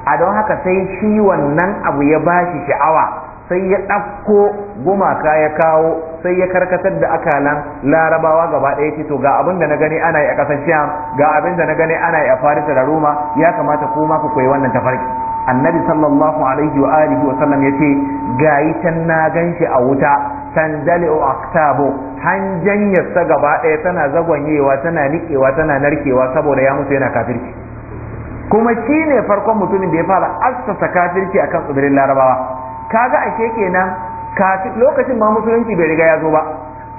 a don haka sai shi wannan abu ya bashi sha'awa sai ya ɗakko gumaka ya kawo sai ya karkatar da akalan larabawa gaba ɗaya ce to ga abin da na gani ana yi a ƙasar sham ga abin da na gani ana yi a farisa da roma ya kamata ko ma ku koyi wannan tafarki annabi sallallahu alaihi wa alihi wa sallam yace gayi can na ganshi a wuta tandali'u aktabu hanjan yasta gaba ɗaya tana zagwanyewa tana niƙewa tana narkewa saboda ya mutu yana kafirci kuma shi ne farkon mutumin da ya fara assasa kafirci akan tsibirin larabawa kaga ake kenan lokacin ma musulunci bai riga ya zo ba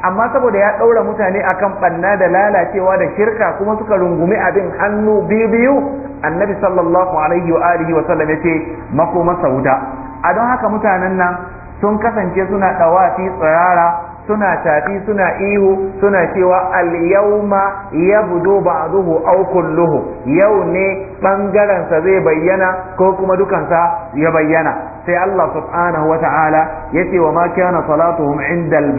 amma saboda ya ɗaura mutane akan ɓanna da lalacewa da shirka kuma suka rungumi abin hannu biyu biyu annabi sallallahu alaihi wa alihi wa sallam yace makoma sauda a don haka mutanen nan sun kasance suna ɗawafi tsirara suna tafi suna ihu suna cewa alyauma ya yabdu ba'duhu aw kulluhu yau ne bangaren sa zai bayyana ko kuma dukansa ya bayyana sai Allah subhanahu wa ta'ala ce wa ma kana salatuhum inda al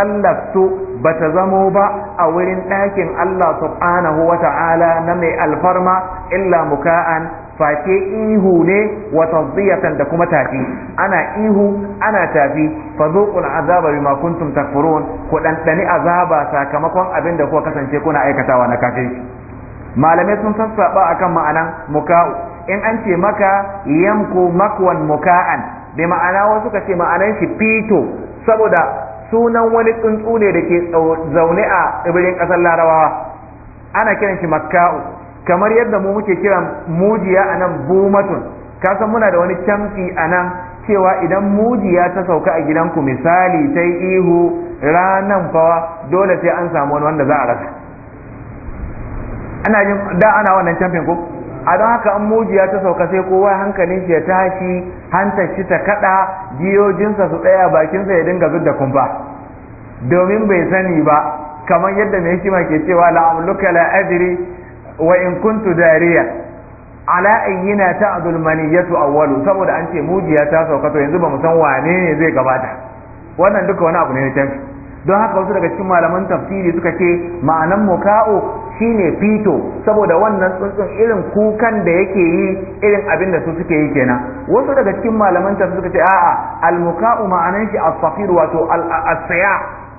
sallatu bata zamo ba a wurin ɗakin Allah subhanahu wa ta'ala na mai alfarma illa muka'an face ihu ne wa taziyatan da kuma tafi ana ihu ana tafi fa zuqul azaba bima kuntum takfurun ku dani azaba sakamakon abin da kuka kasance kuna aikatawa na kafirci malamai sun sassaba akan ma'anan muka'u in an ce maka yamku makwan muka'an bi ma'ana wasu ka ce ma'anan shi fito saboda sunan wani tsuntsu ne da ke zaune a tsibirin ƙasar larabawa ana kiran shi makka'u kamar yadda mu muke kira mujiya a nan bumatun kasan muna da wani canfi a nan cewa idan mujiya ta sauka a gidanku misali ta yi ihu ranan fawa dole sai an samu wani wanda za a rasa ana da ana wannan canfin ko a don haka an mujiya ta sauka sai kowa hankalin shi ya tashi hantar shi ta kada jiyojinsa su tsaya bakinsa ya dinga zudda kumfa domin bai sani ba kamar yadda mai ma ke cewa la'amluka la'adiri wa in kuntu dariya ala ayyina ta ta'dul maniyatu awwalu saboda an ce mujiya ta sauka to yanzu ba mu san wane ne zai gabata wannan duka wani abu ne na tafi. don haka wasu daga cikin malaman tafsiri suka ce ma'anan muka'o shine fito saboda wannan tsuntsun irin kukan da yake yi irin abin da su suke yi kenan wasu daga cikin malaman tafsiri suka ce a'a al-muka'u ma'anan shi as-safir wato al-asya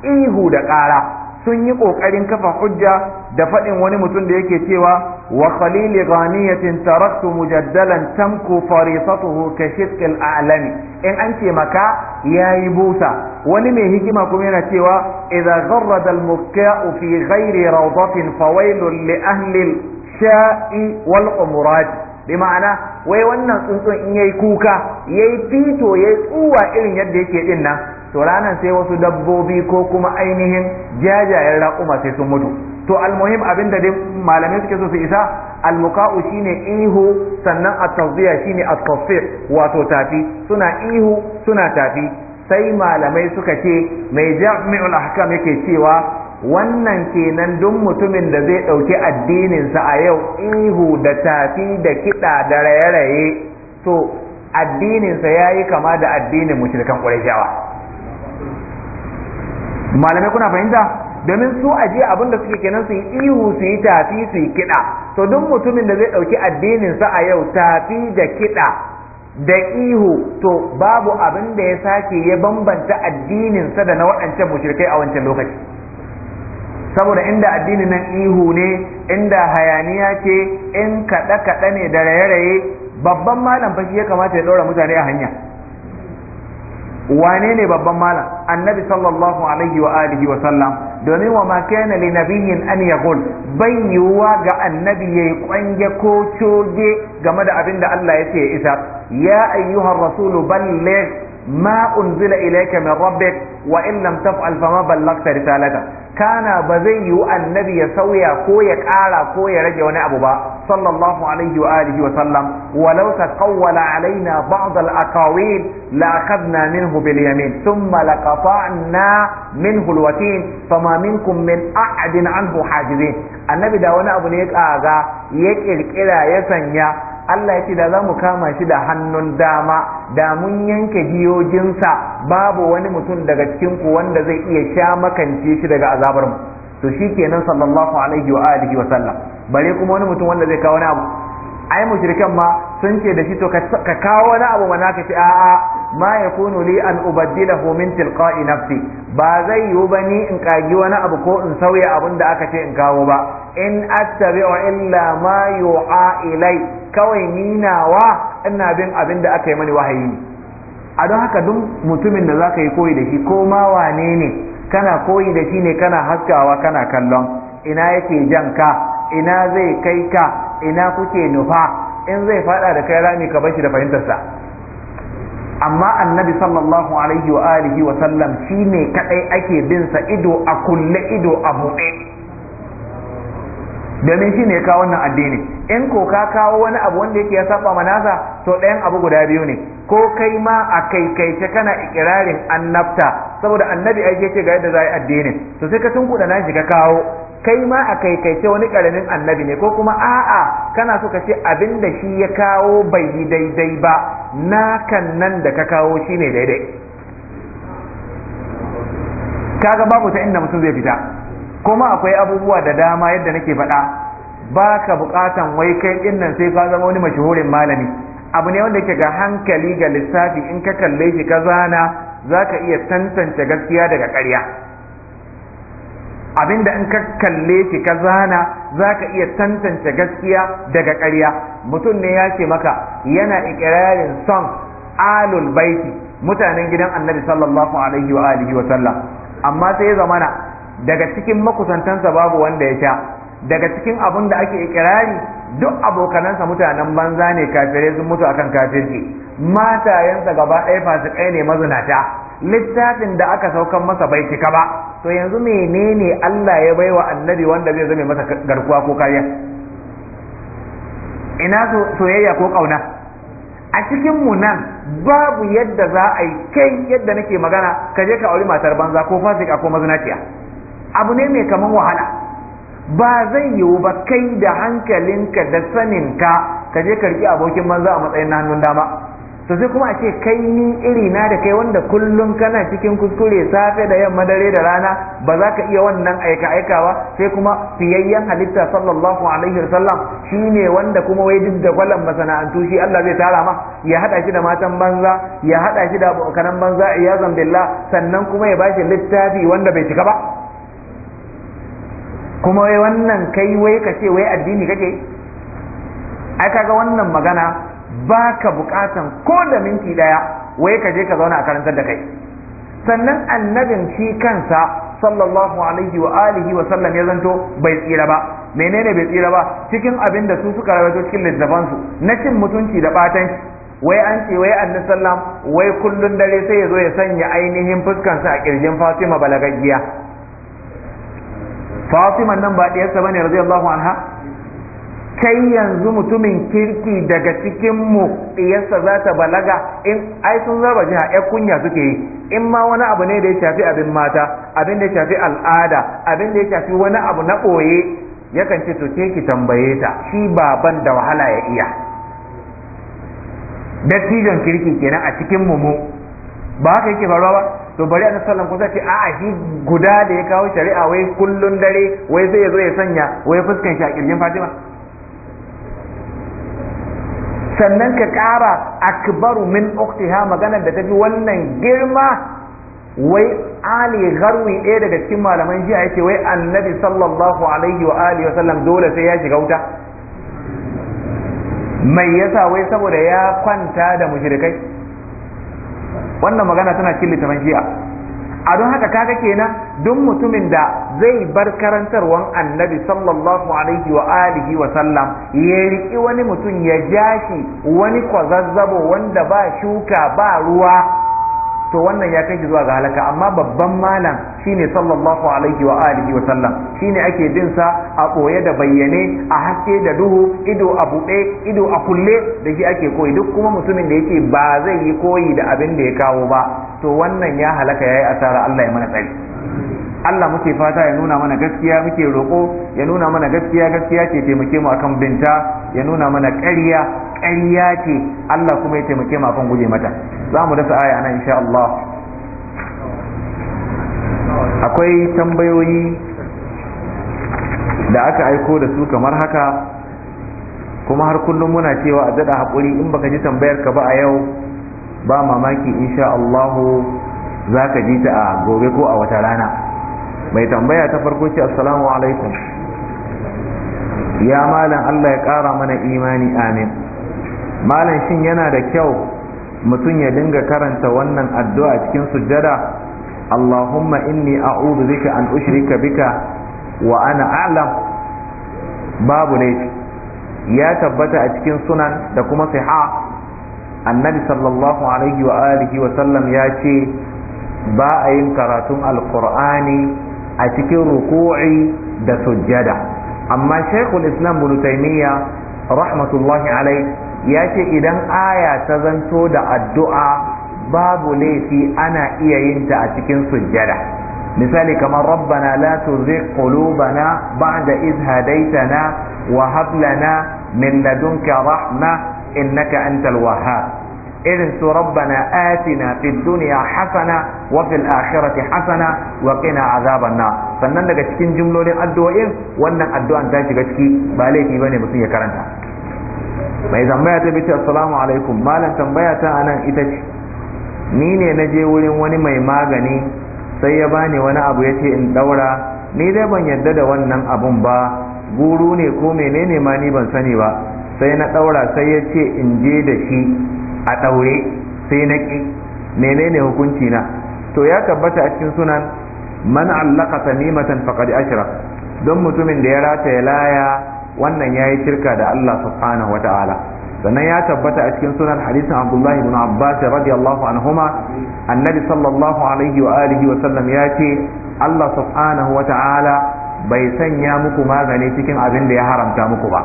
ihu da ƙara sun yi kokarin kafa hujja da faɗin wani mutum da yake cewa wa khalili ghaniyatin taraktu mujaddalan tamku farisatuhu ka shirkil alami in an ce maka yayi busa wani mai hikima kuma yana cewa idza gharrada al-mubki'u fi ghairi rawdatin fawailun li ahli al-sha'i wal umurat bi ma'ana wai wannan tsuntsun in yayi kuka yayi fito yayi tsuwa irin yadda yake din nan to ranan sai wasu dabbobi ko kuma ainihin jajayen raƙuma sai sun mutu to almuhim abin da dai malamai suke so su isa almuka'u shine ihu sannan at tawdiya shine at-tasfir wato tafi suna ihu suna tafi sai malamai suka ce mai jami'ul ahkam yake cewa wannan kenan duk mutumin da zai ɗauki addininsa a yau ihu da tafi da kiɗa da raye-raye to addininsa ya yi kama da addinin mushrikan ƙurashawa malamai kuna fahimta domin su aje abin da suke kenan su yi ihu su yi tafi su yi kiɗa to duk mutumin da zai ɗauki addinin sa a yau tafi da kiɗa da ihu to babu abin da ya sake ya bambanta addinin sa da na waɗancan mushrikai a wancan lokaci saboda inda addinin nan ihu ne inda hayaniya ce in kaɗe-kaɗe ne da raye-raye babban malam fashi ya kamata ya ɗora mutane a hanya wane ne babban malam annabi sallallahu alaihi wa alihi wa sallam domin wa ma kana li nabiyyin an yaqul Ban yiwuwa ga annabi yayi kwange ko coge game da abin da Allah ya ce ya isa ya ayyuhar rasulu balligh ma unzila ilayka min rabbik wa in lam taf'al fama ballaghta risalata كان بزي النبي سوي كوي قال كوي رجل ونعب با صلى الله عليه وآله وسلم ولو تقول علينا بعض الأقاويل لأخذنا منه باليمين ثم لقطعنا منه الوتين فما منكم من أحد عنه حاجزين النبي دا ونعب نيك آغا يكير كلا يسن Allah ya ce da za mu kama shi da hannun dama da mun yanke giyojinsa babu wani mutum daga cikin ku wanda zai iya sha makance shi daga azabar mu to shikenan sallallahu alaihi wa alihi wa sallam bare kuma wani mutum wanda zai kawo wani abu ai mushrikan ma sun ce da shi to ka kawo wani abu mana ka ce a'a ma yakunu li an ubaddilahu min tilqa'i nafsi ba zai yiwu ba in kagi wani abu ko in sauya abin da aka ce in kawo ba in attabi'u illa ma yu'a ilai kawai ninawa ina bin abin da aka yi mani wahayi ne a don haka duk mutumin da zaka yi koyi da shi ko ma wane ne kana koyi da shi ne kana haskawa kana kallon ina yake jan ka ina zai kai ka ina kuke nufa in zai fada da kai rami ka bashi da fahimtarsa amma annabi sallallahu alaihi wa alihi wa sallam shine kadai ake bin sa ido a kulle ido a buɗe domin shi ne kawo wannan addini in ko ka kawo wani abu wanda yake ya saba manasa to ɗayan abu guda biyu ne ko kai ma a kaikaice kana ikirarin annabta saboda annabi ai yake ga yadda za yi addinin to sai ka kuɗa na shi ka kawo kai ma a wani karamin annabi ne ko kuma a'a kana so ka ce abin da shi ya kawo bai yi daidai ba nakan nan da ka kawo shi ne daidai kaga babu ta inda mutum zai fita kuma akwai abubuwa da dama yadda nake faɗa ba ka buƙatan wai kai ɗin nan sai ka zama wani mashahurin malami abu ne wanda yake ga hankali ga lissafi in ka kalle shi ka zana za ka iya tantance gaskiya daga ƙarya abinda in ka kalle shi ka zana za iya tantance gaskiya daga ƙarya mutum ne ya ce maka yana ikirarin son alul baiti mutanen gidan annabi sallallahu alaihi wa alihi wa sallam amma sai ya zamana daga cikin makusantansa babu wanda ya sha daga cikin abun da ake ikirari duk abokanansa mutanen banza ne kafirai sun mutu akan kafirci matayensa gaba ɗaya fasikai ne mazinata littafin da aka saukan masa bai cika ba to yanzu menene Allah ya bai wa annabi wanda zai zame masa garkuwa ko kariya ina soyayya ko ƙauna a cikin mu nan babu yadda za a yi kai yadda nake magana ka je ka auri matar banza ko fasika ko mazinaciya abu ne mai kaman wahala ba zai yiwu ba kai da hankalinka da sanin ka ka je ka riƙe abokin manzo a matsayin na hannun dama to sai kuma a ce kai ni iri na da kai wanda kullum kana cikin kuskure safe da yamma dare da rana ba za ka iya wannan aika aika ba sai kuma fiyayyen halitta sallallahu alaihi wasallam shine wanda kuma wai duk da gwalan masana'antu shi Allah zai tara ma ya hada shi da matan banza ya hada shi da abokanan banza iyazan billah sannan kuma ya bashi littafi wanda bai cika ba kuma wai wannan kai wai ka ce wai addini kake ai kaga wannan magana ba bukatan ko da minti daya wai ka je ka zauna a karantar da kai sannan annabin shi kansa sallallahu alaihi wa alihi wa sallam ya zanto bai tsira ba menene bai tsira ba cikin abin da su suka rawaito cikin su na cin mutunci da batanci wai an ce wai annabi sallam wai kullun dare sai ya zo ya sanya ainihin fuskansa a kirjin Fatima balagaggiya fatiman nan ba ɗiyarsa bane radiyallahu anha kai yanzu mutumin kirki daga cikin mu ɗiyarsa za ta balaga in ai sun zaba jiha ya kunya suke yi in ma wani abu ne da ya shafi abin mata abin da ya shafi al'ada abin da ya shafi wani abu na ɓoye yakan ce to ke ki tambaye ta shi baban da wahala ya iya dattijon kirki kenan a cikin mu ba haka yake faruwa ba to bari annabi sallallahu alaihi wasallam ce a'a shi guda da ya kawo shari'a wai kullun dare wai sai ya zo ya sanya wai fuskan shi a kirjin Fatima sannan ka ƙara akbaru min uktiha maganar da ta fi wannan girma wai ali garwi ɗaya daga cikin malaman jiya yake wai annabi sallallahu alaihi wa alihi wa sallam dole sai ya shiga wuta mai yasa wai saboda ya kwanta da mushirikai. wannan magana tana cikin littafin jiya a don haka kaga kenan duk mutumin da zai bar karantarwan annabi sallallahu alaihi wa alihi wa sallam ya riki wani mutum ya ja shi wani kwazazzabo wanda ba shuka ba ruwa to wannan ya kai shi zuwa ga halaka amma babban malam shine sallallahu alaihi wa alihi wa sallam ne ake bin sa a ɓoye da bayyane a haske da duhu ido a buɗe ido a kulle da shi ake koyi duk kuma mutumin da yake ba zai yi koyi da abin da ya kawo ba to wannan ya halaka yi asara Allah ya mana tsari Allah muke fata ya nuna mana gaskiya muke roƙo ya nuna mana gaskiya gaskiya ce taimake mu akan binta ya nuna mana ƙarya ƙarya ce Allah kuma ya taimake mu akan guje mata za mu dasa aya nan insha Allah akwai tambayoyi da aka aiko da su kamar haka kuma har kullum muna cewa a daɗa haƙuri in baka ji tambayar ka ba a yau ba mamaki insha Allahu za ka ji ta a gobe ko a wata rana mai tambaya ta farko ce assalamu alaikum ya malam Allah ya ƙara mana imani amin malam shin yana da kyau mutum ya dinga karanta wannan addu'a cikin sujjada Allahumma inni a'udhu bika an ushrika bika wa ana a'lam babu laifi ya tabbata a cikin sunan da kuma siha annabi sallallahu alaihi wa alihi wa sallam ya ce ba a yin karatun alkur'ani a cikin ruku'i da sujjada amma shaikhul islam bin taymiya rahmatullahi alai ya ce idan aya ta zanto da addu'a babu laifi ana iya yin ta a cikin sujjada misali kamar rabbana la tuzigh qulubana ba'da idh hadaytana wa hab lana min ladunka rahma innaka antal wahhab irin su rabbana atina na fiduniya hasana wa fil akhirati hasana wa qina azaban sannan daga cikin jumlolin addu'o'in wannan addu'an ta shiga ciki ba laifi bane mutum ya karanta mai tambaya ta bi alaikum malam tambaya ta anan ita ce ni ne na je wurin wani mai magani sai ya bani wani abu ya ce in daura ni dai ban yadda da wannan abun ba guru ne ko menene ma ni ban sani ba sai na daura sai ya ce in je da shi a daure sai na ki menene hukunci na to ya tabbata a cikin sunan man allaka tamimatan faqad ashrak don mutumin da ya rataya laya wannan yayi shirka da Allah subhanahu wataala sannan ya tabbata a cikin sunan hadisin abdullahi ibn Abbas radiyallahu anhuma annabi sallallahu alaihi wa alihi wa sallam ya ce Allah subhanahu wa ta'ala bai sanya muku magani cikin abin da ya haramta muku ba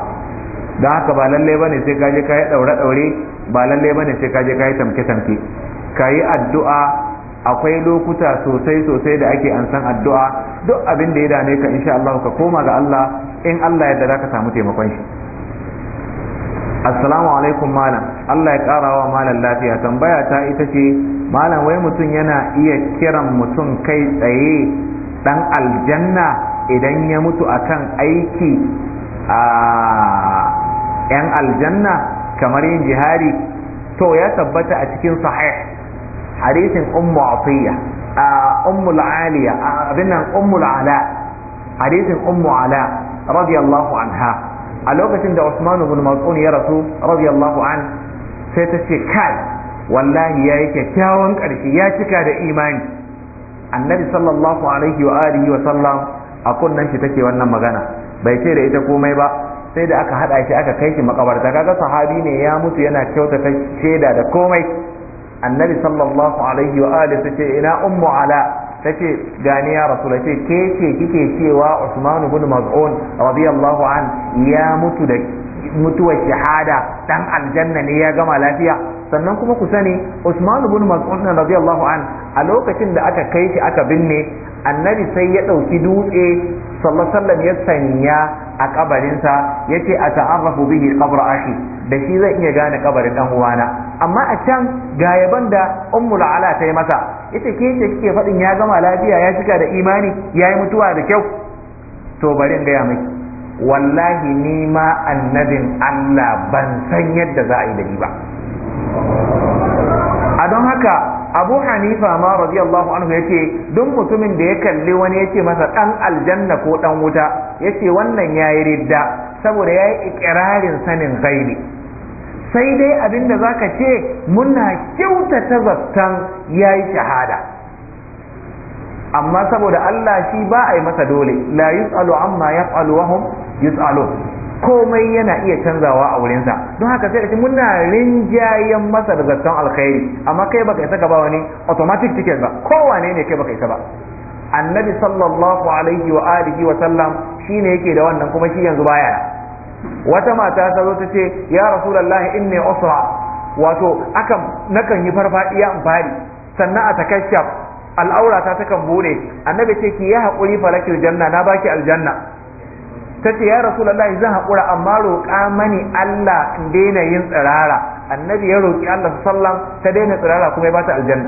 don haka ba lalle bane sai kaje kai daure daure ba lalle bane sai kaje kai tamke tamke kayi addu'a akwai lokuta sosai sosai da ake an san addu'a duk abin da ya dame ka insha Allah ka koma ga Allah in Allah yadda zaka samu taimakon shi assalamu alaikum malam Allah ya karawa malam lafiya tambaya ta ita ce malam wai mutum yana iya kiran mutum kai tsaye dan aljanna idan ya mutu akan aiki a yan aljanna kamar yin jihari to ya tabbata a cikin sahih hadisin ummu atiya a ummul aliya abin nan ummul ala ummu ala radiyallahu anha a lokacin da Usman ibn Mas'ud ya rasu radiyallahu an sai ta ce kai wallahi ya yi kyakkyawan ƙarshe ya cika da imani annabi sallallahu alaihi wa alihi wa sallam a kunnan shi take wannan magana bai ce da ita komai ba sai da aka hada shi aka kai shi makabarta kaga sahabi ne ya mutu yana kyautata shaida da komai annabi sallallahu alaihi wa alihi ta ina ummu ala ta ce gani ya rasu ce ke ce kike cewa usman ibn maz'un radiyallahu an ya mutu da mutuwar shahada dan aljanna ne ya gama lafiya sannan kuma ku sani Usman ibn Mas'ud radiyallahu an a lokacin da aka kai shi aka binne annabi sai ya ɗauki dutse sallallahu alaihi ya sanya a kabarinsa yace a ta'arrafu bihi qabra ashi da shi zai iya gane kabarin dan uwana amma a can ga yaban da ummul ala ta yi masa ita ke ce kike faɗin ya gama lafiya ya shiga da imani ya yi mutuwa da kyau to bari in gaya miki wallahi ni ma annabin Allah ban san yadda za a yi da ni ba a don haka abu hanifa ma radiyallahu anhu ya ce duk mutumin da ya kalli wani ya ce masa ɗan aljanna ko ɗan wuta ya ce wannan ya yi ridda saboda ya yi ikirarin sanin gaibi sai dai abinda da za ka ce muna kyautata zaftan ya yi shahada amma saboda Allah shi ba a yi masa dole la yus'alu amma yaf'alu wa hum yus'alu komai yana iya canzawa a wurinsa don haka sai ce muna rinjayen masa da zaton alkhairi amma kai baka isa gaba ba wani automatic ticket ba kowane ne kai baka isa ba annabi sallallahu alaihi wa alihi wa sallam shine yake da wannan kuma shi yanzu baya wata mata ta zo ta ce ya rasulullah inni usra wato akan nakan yi farfadiya in bari sannan a takashaf ta takan bude annabi ce ki ya haƙuri falakil janna na baki aljanna ta ce ya rasulullahi zan haƙura amma roƙa mani Allah in daina yin tsirara annabi ya roƙi Allah sallam ta daina tsirara kuma ya bata aljanna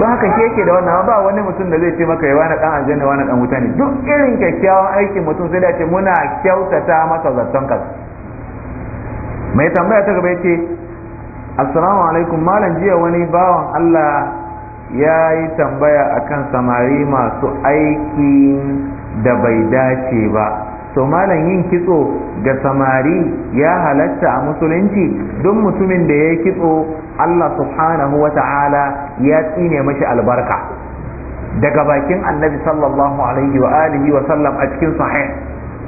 don haka ke yake da wannan ba wani mutum da zai ce maka yawa na ɗan aljanna wani ɗan wuta ne duk irin kyakkyawan aikin mutum sai da ce muna kyautata masa zaton mai tambaya ta gaba yace assalamu alaikum malam jiya wani bawan Allah ya yi tambaya akan samari masu aikin da bai dace ba to malam yin kitso ga samari ya halatta a musulunci duk mutumin da ya kitso Allah subhanahu wa ya tsine mashi albarka daga bakin annabi sallallahu alaihi wa alihi wa sallam a cikin sahih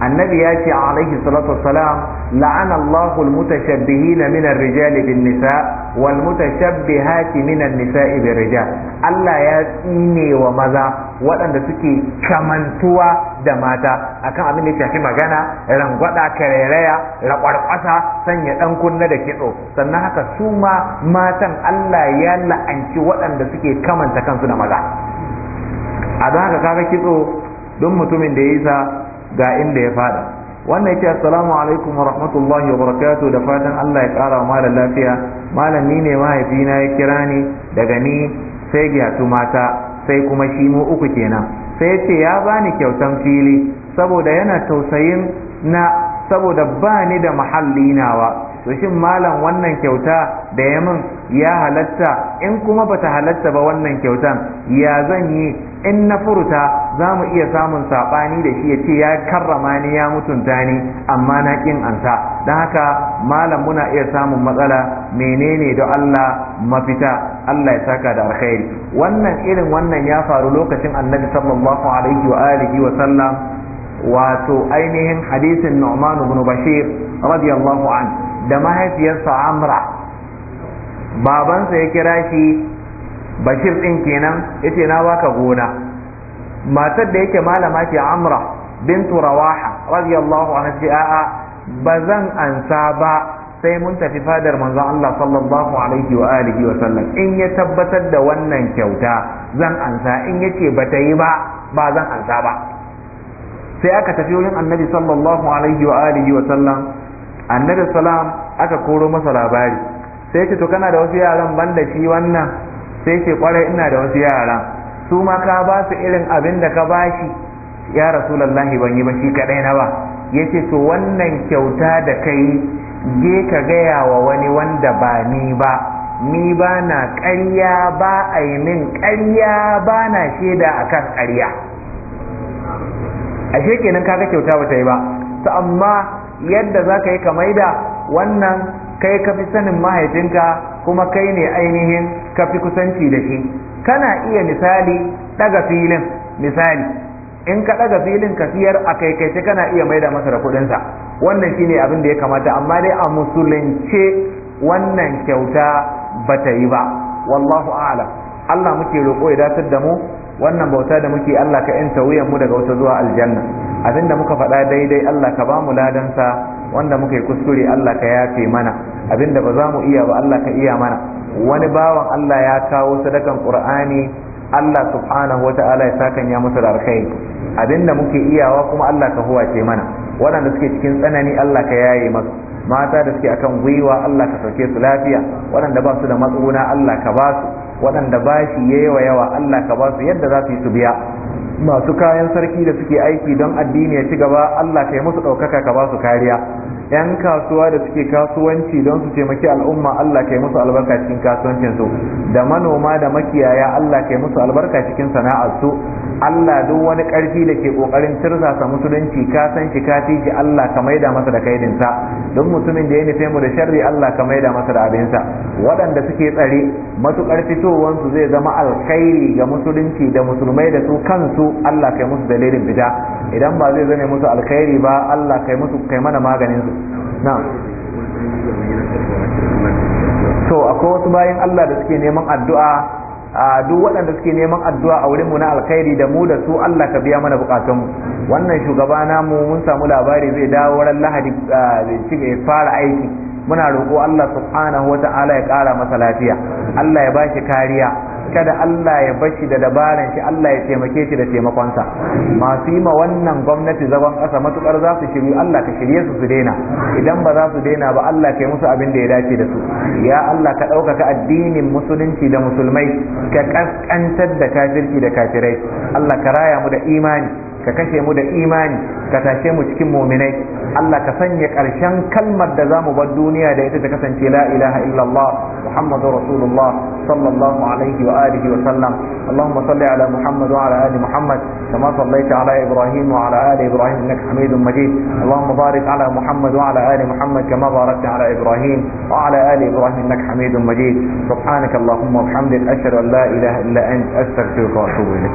annabi ya ce alaihi salatu wassalam la'ana Allahu almutashabbihina min ar-rijal bin nisa wal mutashabbihati min an-nisa'i bir rijal Allah ya tsine wa maza waɗanda suke kamantuwa da mata akan abin da ya shafi magana rangwada karairaya raƙwarƙwasa sanya ɗan kunna da kitso sannan haka su ma matan Allah ya la'anci waɗanda suke kamanta kansu da maza a don haka kaga kitso don mutumin da ya yi sa ga inda ya fada wannan yake assalamu alaikum wa rahmatullahi wa barakatuh da fatan Allah ya kara wa malam lafiya malam ni ne mahaifina ya kira ni daga ni sai gyatu mata sai kuma shi mu uku kenan sai yace ya bani kyautan fili saboda yana tausayin na saboda ba ni da mahalli nawa to shin malam wannan kyauta da ya min ya halatta in kuma bata halatta ba wannan kyautan ya zan yi in na furta za mu iya samun saɓani da shi ya ce ya karrama ni ya mutunta ni amma na ƙin ansa don haka malam muna iya samun matsala menene da Allah mafita Allah ya saka da alkhairi wannan irin wannan ya faru lokacin annabi sallallahu alaihi wa alihi wa sallam wato ainihin hadisin Nu'man ibn Bashir radiyallahu an da mahaifiyarsa Amra babansa ya kira shi bashir din kenan yace na baka gona matar da yake malama ce amra bintu rawaha radiyallahu anha ce a'a ba zan ansa ba sai mun tafi fadar manzon Allah sallallahu alaihi wa alihi wa sallam in ya tabbatar da wannan kyauta zan ansa in yace bata yi ba ba zan ansa ba sai aka tafi wurin annabi sallallahu alaihi wa alihi wa sallam annabi salam aka koro masa labari sai ce to kana da wasu yaran banda shi wannan sai ce kwarai ina da wasu yara su ma ka ba su irin abin da ka bashi ya rasulullahi ban yi ba shi kadai na ba yace to wannan kyauta da kai je ka gaya wa wani wanda ba ni ba ni ba na ƙarya ba a yi min ƙarya ba na shaida a kan ƙarya ashe kenan kaga kyauta ba ta yi ba to amma yadda za ka yi ka maida wannan kai ka fi sanin mahaifinka kuma kai ne ainihin ka fi kusanci da shi kana iya misali ɗaga filin misali in ka ɗaga filin ka siyar a kaikaice kana iya maida masa da kuɗinsa wannan shine abin da ya kamata amma dai a musulunce wannan kyauta ba ta yi ba wallahu a'lam Allah muke roƙo ya datar da mu wannan bauta da muke Allah ka yanta wuyan mu daga wata zuwa aljanna abinda muka faɗa daidai Allah ka bamu ladan sa wanda muka yi kuskure Allah ka yafe mana abinda ba za mu iya ba Allah ka iya mana wani bawan Allah ya kawo sadakan Qur'ani Allah subhanahu wa ta'ala ya sakan ya musu da alkhairi abinda muke iyawa kuma Allah ka huwace mana waɗanda suke cikin tsanani Allah ka yaye masu mata da suke akan gwiwa Allah ka sauke su lafiya waɗanda ba su da matsuguna Allah ka ba su waɗanda bashi yawa yawa Allah ka ba su yadda za su yi su biya masu kayan sarki da suke aiki don addini ya ci gaba Allah ka yi musu ɗaukaka ka ba su kariya yan kasuwa da suke kasuwanci don su taimaki al'umma Allah kai musu albarka cikin kasuwancinsu, da manoma da makiyaya Allah kai musu albarka cikin sana'ar su Allah duk wani karfi da ke kokarin sa musulunci ka san shi ka fi Allah ka maida masa da kaidin sa don mutumin da ya nufe mu da sharri Allah ka maida masa da abin sa waɗanda suke tsare matukar fitowar zai zama alkhairi ga musulunci da musulmai da su kansu Allah kai musu dalilin fita idan ba zai zane musu alkhairi ba Allah kai musu kai mana maganin su Na. to akwai wasu bayan Allah da suke neman addu'a a duk waɗanda suke neman addu'a a wurin mu na alkhairi da mu da su Allah ka biya mana bukatun mu wannan shugaba namu mun samu labari zai dawo ran Lahadi ya fara aiki muna roƙo Allah subhanahu wata'ala ya ƙara masa lafiya Allah ya bashi kariya kada Allah ya bashi da dabaran shi Allah ya taimake shi da taimakonsa masu yi ma wannan gwamnati zagon ƙasa matukar za su shiryu Allah ka shirye su su daina idan ba za su daina ba Allah ka yi musu abin da ya dace da su ya Allah ka ɗaukaka addinin musulunci da musulmai ka ƙasƙantar da kafirci da kafirai Allah ka raya mu da imani ka kashe mu da imani ka tashe mu cikin muminai Allah ka sanya ƙarshen kalmar da zamu bar duniya da ita ta kasance la ilaha illallah muhammadu rasulullah sallallahu alaihi wa alihi wa sallam allahumma salli ala muhammad wa ala ali muhammad kama sallaita ala ibrahim wa ala ali ibrahim innaka hamidum majid allahumma barik ala muhammad wa ala ali muhammad kama barakta ala ibrahim wa ala ali ibrahim innaka hamidum majid subhanaka allahumma wa bihamdik ashhadu an la ilaha illa anta astaghfiruka wa atubu ilayk